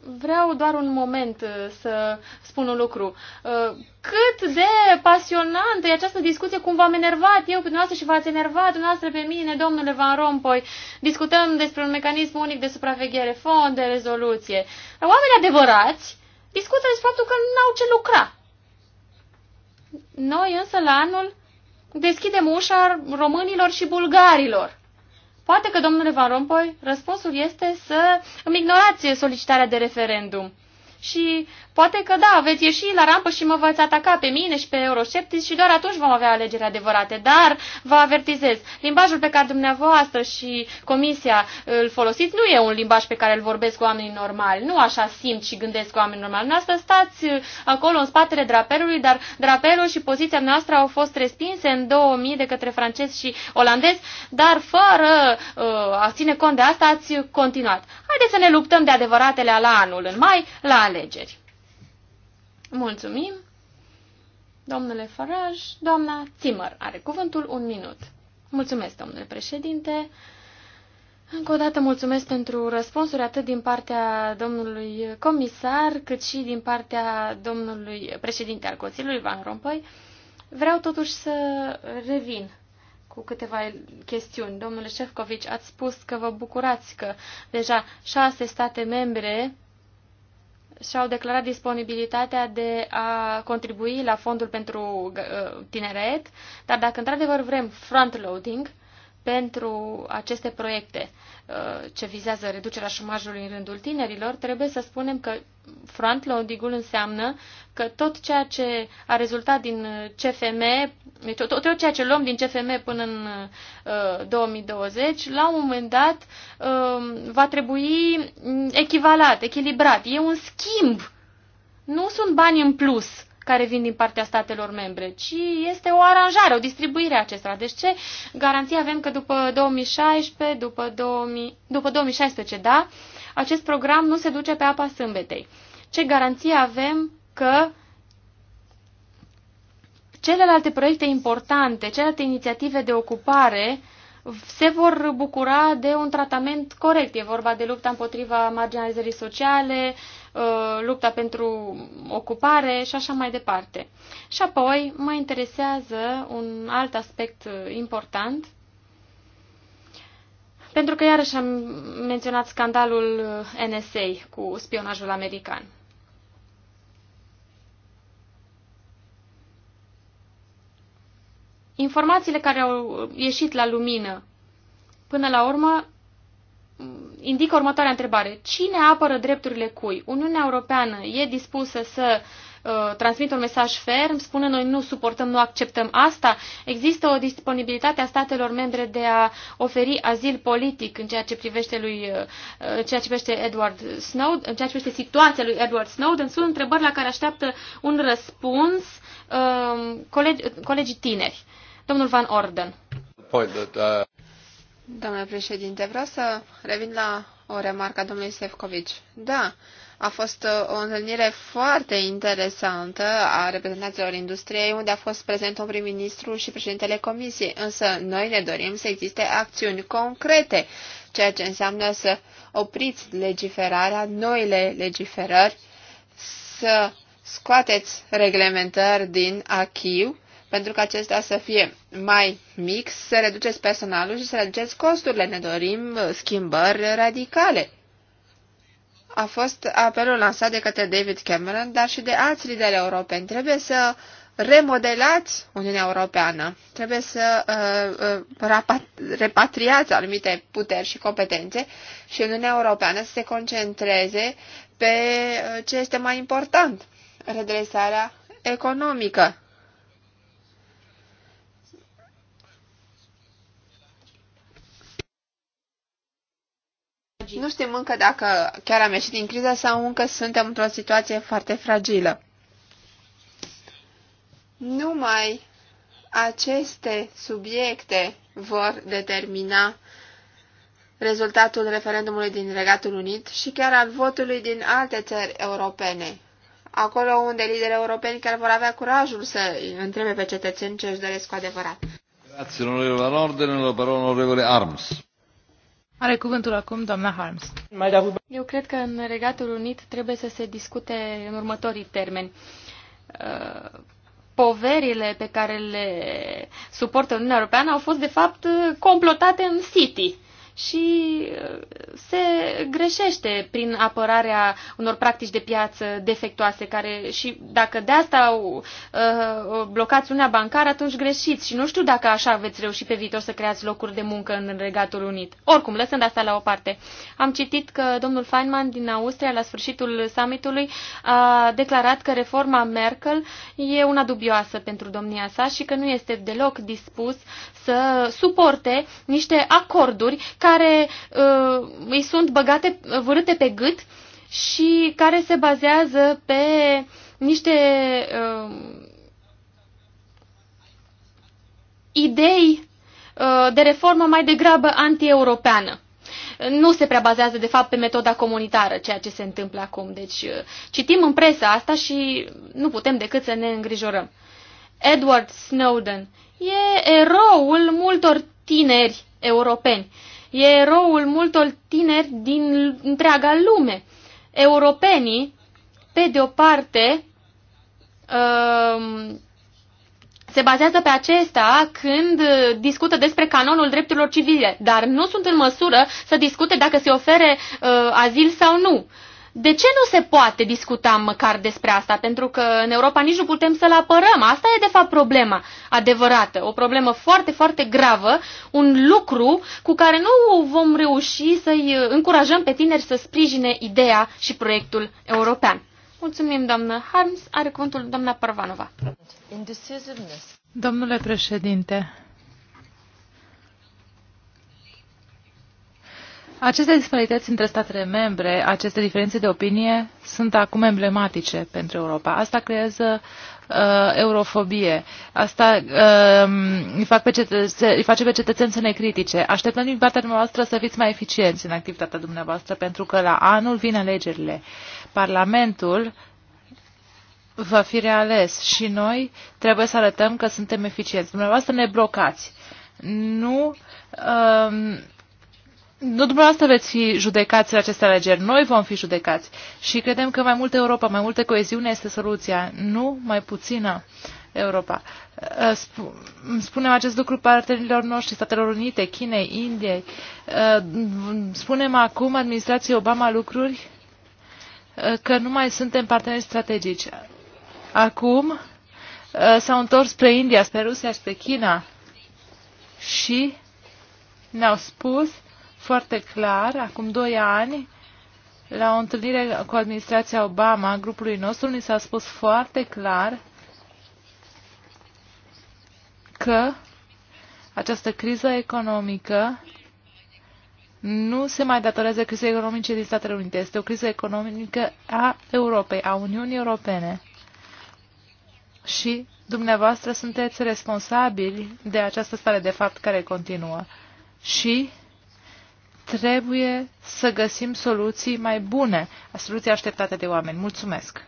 S4: Vreau doar un moment uh, să spun un lucru. Uh, cât de pasionantă e această discuție, cum v-am enervat eu pe dumneavoastră și v-ați enervat dumneavoastră pe mine, domnule Van Rompuy. Discutăm despre un mecanism unic de supraveghere, fond de rezoluție. Oamenii adevărați discută despre faptul că n-au ce lucra. Noi însă la anul deschidem ușa românilor și bulgarilor Poate că, domnule Van Rompuy, răspunsul este să îmi ignorați solicitarea de referendum și poate că da, veți ieși la rampă și mă veți ataca pe mine și pe eurosceptici și doar atunci vom avea alegeri adevărate. Dar vă avertizez, limbajul pe care dumneavoastră și comisia îl folosiți nu e un limbaj pe care îl vorbesc cu oamenii normali. Nu așa simt și gândesc cu oamenii normali. Noastră stați uh, acolo în spatele drapelului, dar drapelul și poziția noastră au fost respinse în 2000 de către francezi și olandezi, dar fără uh, a ține cont de asta ați continuat. Haideți să ne luptăm de adevăratele la anul, în mai, la alegeri. Mulțumim! Domnule Faraj, doamna Zimmer are cuvântul un minut. Mulțumesc, domnule președinte. Încă o dată mulțumesc pentru răspunsuri atât din partea domnului comisar, cât și din partea domnului președinte al Consiliului, Van Rompuy. Vreau totuși să revin cu câteva chestiuni. Domnule Șefcovici, ați spus că vă bucurați că deja șase state membre și-au declarat disponibilitatea de a contribui la fondul pentru uh, tineret, dar dacă într-adevăr vrem front-loading, pentru aceste proiecte uh, ce vizează reducerea șomajului în rândul tinerilor, trebuie să spunem că frontloading-ul înseamnă că tot ceea ce a rezultat din CFM, deci tot, tot ceea ce luăm din CFM până în uh, 2020, la un moment dat uh, va trebui echivalat, echilibrat. E un schimb. Nu sunt bani în plus care vin din partea statelor membre, ci este o aranjare, o distribuire a acestora. Deci ce garanție avem că după 2016, după, 2000, după 2016, da, acest program nu se duce pe apa sâmbetei? Ce garanție avem că celelalte proiecte importante, celelalte inițiative de ocupare se vor bucura de un tratament corect. E vorba de lupta împotriva marginalizării sociale, uh, Uh, lupta pentru ocupare și așa mai departe. Și apoi mă interesează un alt aspect uh, important, pentru că iarăși am menționat scandalul uh, NSA cu spionajul american. Informațiile care au ieșit la lumină, până la urmă, indică următoarea întrebare. Cine apără drepturile cui? Uniunea Europeană e dispusă să uh, transmită un mesaj ferm, spune noi nu suportăm, nu acceptăm asta. Există o disponibilitate a statelor membre de a oferi azil politic în ceea ce privește lui, uh, în ceea ce privește Edward Snowden, în ceea ce privește situația lui Edward Snowden. Sunt întrebări la care așteaptă un răspuns uh, colegi, colegii tineri. Domnul Van Orden.
S2: Domnule președinte, vreau să revin la o remarcă a domnului Sefcovici. Da, a fost uh, o întâlnire foarte interesantă a reprezentanților industriei, unde a fost prezent un prim-ministru și președintele comisiei, însă noi ne dorim să existe acțiuni concrete, ceea ce înseamnă să opriți legiferarea, noile legiferări, să scoateți reglementări din achiu pentru ca acesta să fie mai mic, să reduceți personalul și să reduceți costurile. Ne dorim uh, schimbări radicale. A fost apelul lansat de către David Cameron, dar și de alți lideri europeni. Trebuie să remodelați Uniunea Europeană. Trebuie să uh, uh, repatriați anumite puteri și competențe și Uniunea Europeană să se concentreze pe uh, ce este mai important, redresarea economică, Nu știm încă dacă chiar am ieșit din criză sau încă suntem într-o situație foarte fragilă. Numai aceste subiecte vor determina rezultatul referendumului din Regatul Unit și chiar al votului din alte țări europene. Acolo unde liderii europeni chiar vor avea curajul să întrebe pe cetățeni ce își doresc cu adevărat.
S1: Grazie, onorevole la Ordine, la parola onorevole Arms.
S4: Are
S3: cuvântul acum doamna Harms.
S4: Eu cred că în Regatul Unit trebuie să se discute în următorii termeni. Uh, poverile pe care le suportă Uniunea Europeană au fost, de fapt, complotate în City și uh, se greșește prin apărarea unor practici de piață defectoase care și dacă de asta uh, blocați una bancară, atunci greșiți și nu știu dacă așa veți reuși pe viitor să creați locuri de muncă în Regatul Unit. Oricum, lăsând asta la o parte, am citit că domnul Feynman din Austria la sfârșitul summitului a declarat că reforma Merkel e una dubioasă pentru domnia sa și că nu este deloc dispus să suporte niște acorduri ca care uh, îi sunt băgate, vârâte pe gât și care se bazează pe niște uh, idei uh, de reformă mai degrabă anti-europeană nu se prea bazează, de fapt, pe metoda comunitară, ceea ce se întâmplă acum. Deci, uh, citim în presă asta și nu putem decât să ne îngrijorăm. Edward Snowden e eroul multor tineri europeni. E eroul multor tineri din întreaga lume. Europenii, pe de o parte, um, se bazează pe acesta când discută despre canonul drepturilor civile, dar nu sunt în măsură să discute dacă se ofere uh, azil sau nu. De ce nu se poate discuta măcar despre asta? Pentru că în Europa nici nu putem să-l apărăm. Asta e de fapt problema adevărată, o problemă foarte, foarte gravă, un lucru cu care nu vom reuși să-i încurajăm pe tineri să sprijine ideea și proiectul european. Mulțumim, doamnă Harms. Are cuvântul doamna Parvanova.
S3: Domnule președinte, Aceste disparități între statele membre, aceste diferențe de opinie, sunt acum emblematice pentru Europa. Asta creează uh, eurofobie. Asta uh, îi, fac pe îi face pe cetățeni să ne critique. Așteptăm din partea dumneavoastră să fiți mai eficienți în activitatea dumneavoastră, pentru că la anul vin alegerile. Parlamentul va fi reales și noi trebuie să arătăm că suntem eficienți. Dumneavoastră ne blocați. Nu... Uh, nu dumneavoastră veți fi judecați la aceste alegeri, noi vom fi judecați. Și credem că mai multă Europa, mai multă coeziune este soluția, nu mai puțină Europa. Uh, spunem acest lucru partenerilor noștri, Statelor Unite, Chinei, Indiei. Uh, spunem acum administrației Obama lucruri uh, că nu mai suntem parteneri strategici. Acum s-au întors spre India, spre Rusia, spre China și ne-au spus foarte clar, acum doi ani, la o întâlnire cu administrația Obama, grupului nostru, ni s-a spus foarte clar că această criză economică nu se mai datorează crizei economice din Statele Unite. Este o criză economică a Europei, a Uniunii Europene. Și dumneavoastră sunteți responsabili de această stare de fapt care continuă. Și trebuie să găsim soluții mai bune, soluții așteptate de oameni. Mulțumesc.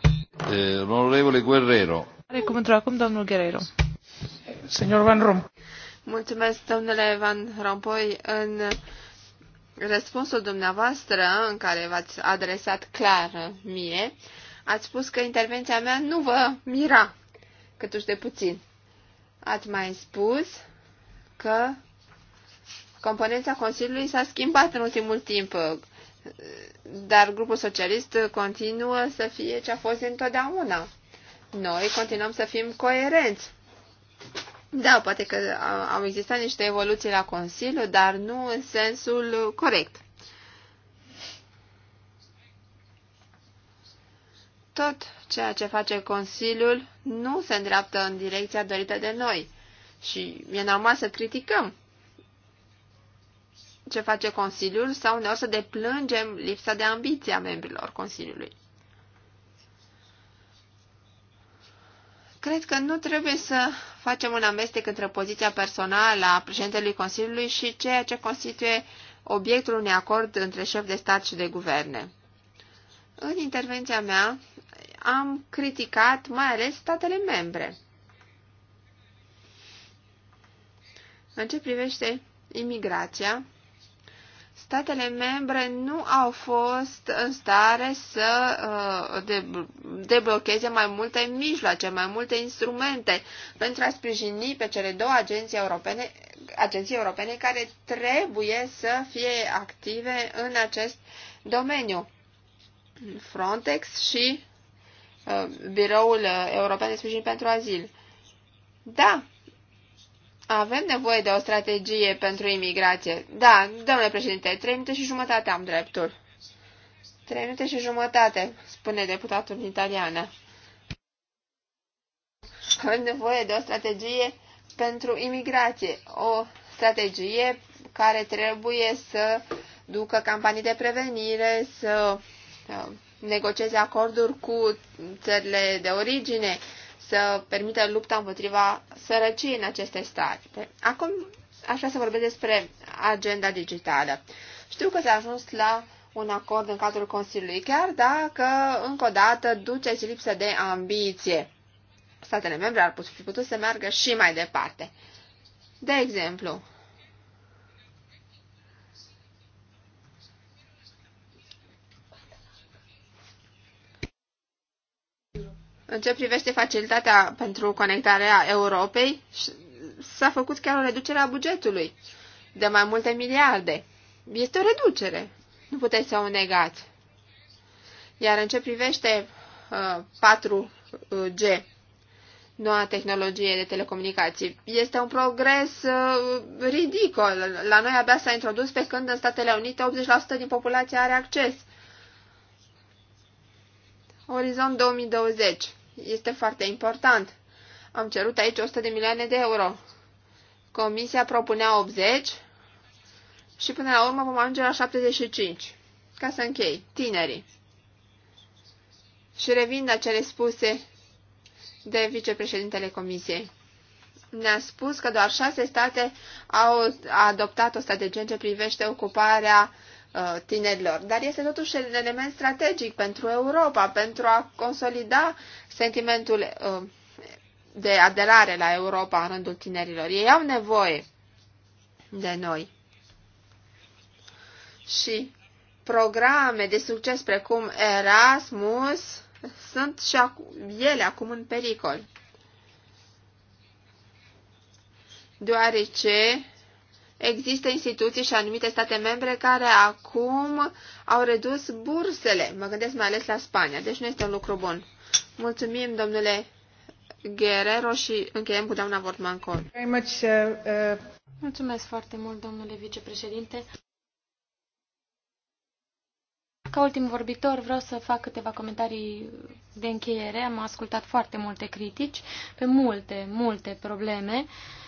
S1: Eh, onorevole Guerrero.
S3: Are cuvântul acum domnul Guerrero. Senor Van Rom.
S2: Mulțumesc, domnule Van Rompuy. În răspunsul dumneavoastră, în care v-ați adresat clar mie, ați spus că intervenția mea nu vă mira, câtuși de puțin. Ați mai spus că Componența Consiliului s-a schimbat în ultimul timp, dar grupul socialist continuă să fie ce a fost întotdeauna. Noi continuăm să fim coerenți. Da, poate că au existat niște evoluții la Consiliu, dar nu în sensul corect. Tot ceea ce face Consiliul nu se îndreaptă în direcția dorită de noi și e normal să criticăm ce face Consiliul sau uneori să deplângem lipsa de ambiție a membrilor Consiliului. Cred că nu trebuie să facem un amestec între poziția personală a președintelui Consiliului și ceea ce constituie obiectul unui acord între șef de stat și de guverne. În intervenția mea am criticat mai ales statele membre. În ce privește imigrația, statele membre nu au fost în stare să uh, deblocheze mai multe mijloace, mai multe instrumente pentru a sprijini pe cele două agenții europene, agenții europene care trebuie să fie active în acest domeniu. Frontex și uh, Biroul European de Sprijin pentru Azil. Da, avem nevoie de o strategie pentru imigrație. Da, domnule președinte, trei minute și jumătate am dreptul. Trei minute și jumătate, spune deputatul italian. Avem nevoie de o strategie pentru imigrație. O strategie care trebuie să ducă campanii de prevenire, să uh, negocieze acorduri cu țările de origine, să permită lupta împotriva sărăciei în aceste state. Acum aș vrea să vorbesc despre agenda digitală. Știu că s-a ajuns la un acord în cadrul Consiliului, chiar dacă, încă o dată, duce și lipsă de ambiție. Statele membre ar fi putut să meargă și mai departe. De exemplu, În ce privește facilitatea pentru conectarea Europei, s-a făcut chiar o reducere a bugetului de mai multe miliarde. Este o reducere, nu puteți să o negați. Iar în ce privește uh, 4G, noua tehnologie de telecomunicații, este un progres uh, ridicol. La noi abia s-a introdus pe când în Statele Unite 80% din populație are acces. Orizont 2020 este foarte important. Am cerut aici 100 de milioane de euro. Comisia propunea 80 și până la urmă vom ajunge la 75. Ca să închei, tinerii. Și revin la cele spuse de vicepreședintele Comisiei. Ne-a spus că doar șase state au adoptat o strategie ce privește ocuparea Uh, tinerilor. Dar este totuși un element strategic pentru Europa, pentru a consolida sentimentul uh, de aderare la Europa în rândul tinerilor. Ei au nevoie de noi. Și programe de succes precum Erasmus sunt și ele acum în pericol. Deoarece Există instituții și anumite state membre care acum au redus bursele. Mă gândesc mai ales la Spania, deci nu este un lucru bun. Mulțumim, domnule Guerrero, și încheiem cu doamna Vortman uh, uh.
S4: Mulțumesc foarte mult, domnule vicepreședinte. Ca ultim vorbitor vreau să fac câteva comentarii de încheiere. Am ascultat foarte multe critici pe multe, multe probleme. Uh,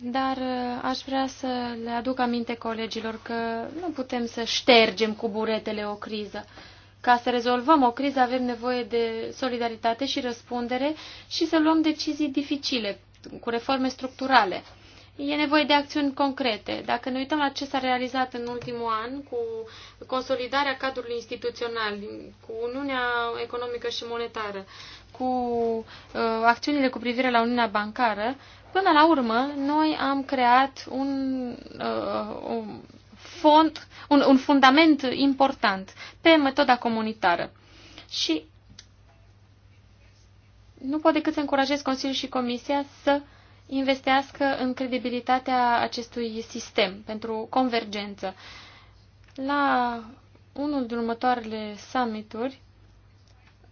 S4: dar uh, aș vrea să le aduc aminte colegilor că nu putem să ștergem cu buretele o criză. Ca să rezolvăm o criză avem nevoie de solidaritate și răspundere și să luăm decizii dificile, cu reforme structurale. E nevoie de acțiuni concrete. Dacă ne uităm la ce s-a realizat în ultimul an cu consolidarea cadrului instituțional, cu Uniunea Economică și Monetară, cu uh, acțiunile cu privire la Uniunea Bancară, uh, Până la urmă, noi am creat un, uh, un fond, un, un fundament important pe metoda comunitară. Și nu pot decât să încurajez Consiliul și Comisia să investească în credibilitatea acestui sistem pentru convergență. La unul din următoarele summituri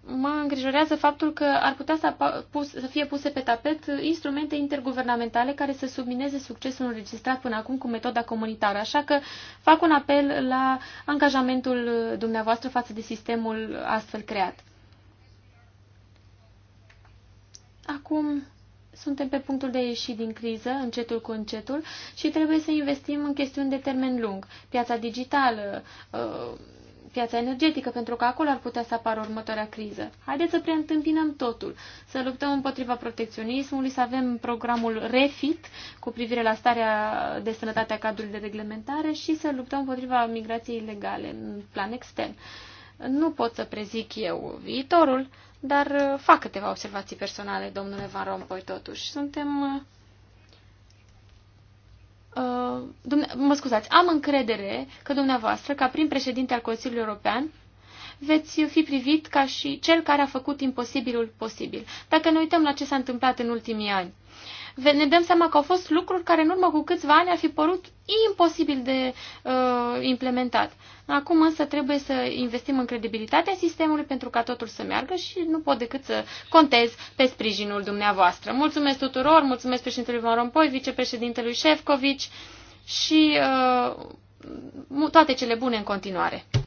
S4: mă îngrijorează faptul că ar putea să, pus, să fie puse pe tapet instrumente interguvernamentale care să submineze succesul înregistrat până acum cu metoda comunitară. Așa că fac un apel la angajamentul dumneavoastră față de sistemul astfel creat. Acum suntem pe punctul de ieși din criză, încetul cu încetul, și trebuie să investim în chestiuni de termen lung. Piața digitală, uh, piața energetică, pentru că acolo ar putea să apară următoarea criză. Haideți să preîntâmpinăm totul, să luptăm împotriva protecționismului, să avem programul REFIT cu privire la starea de sănătate a cadrului de reglementare și să luptăm împotriva migrației ilegale în plan extern. Nu pot să prezic eu viitorul, dar uh, fac câteva observații personale, domnule Van Rompuy, totuși. Suntem uh, Uh, mă scuzați, am încredere că dumneavoastră, ca prim președinte al Consiliului European, veți fi privit ca și cel care a făcut imposibilul posibil. Dacă ne uităm la ce s-a întâmplat în ultimii ani, ne dăm seama că au fost lucruri care în urmă cu câțiva ani ar fi părut imposibil de uh, implementat. Acum însă trebuie să investim în credibilitatea sistemului pentru ca totul să meargă și nu pot decât să contez pe sprijinul dumneavoastră. Mulțumesc tuturor, mulțumesc președintelui Van Rompuy, vicepreședintelui Șefcovici și uh, toate cele bune în continuare.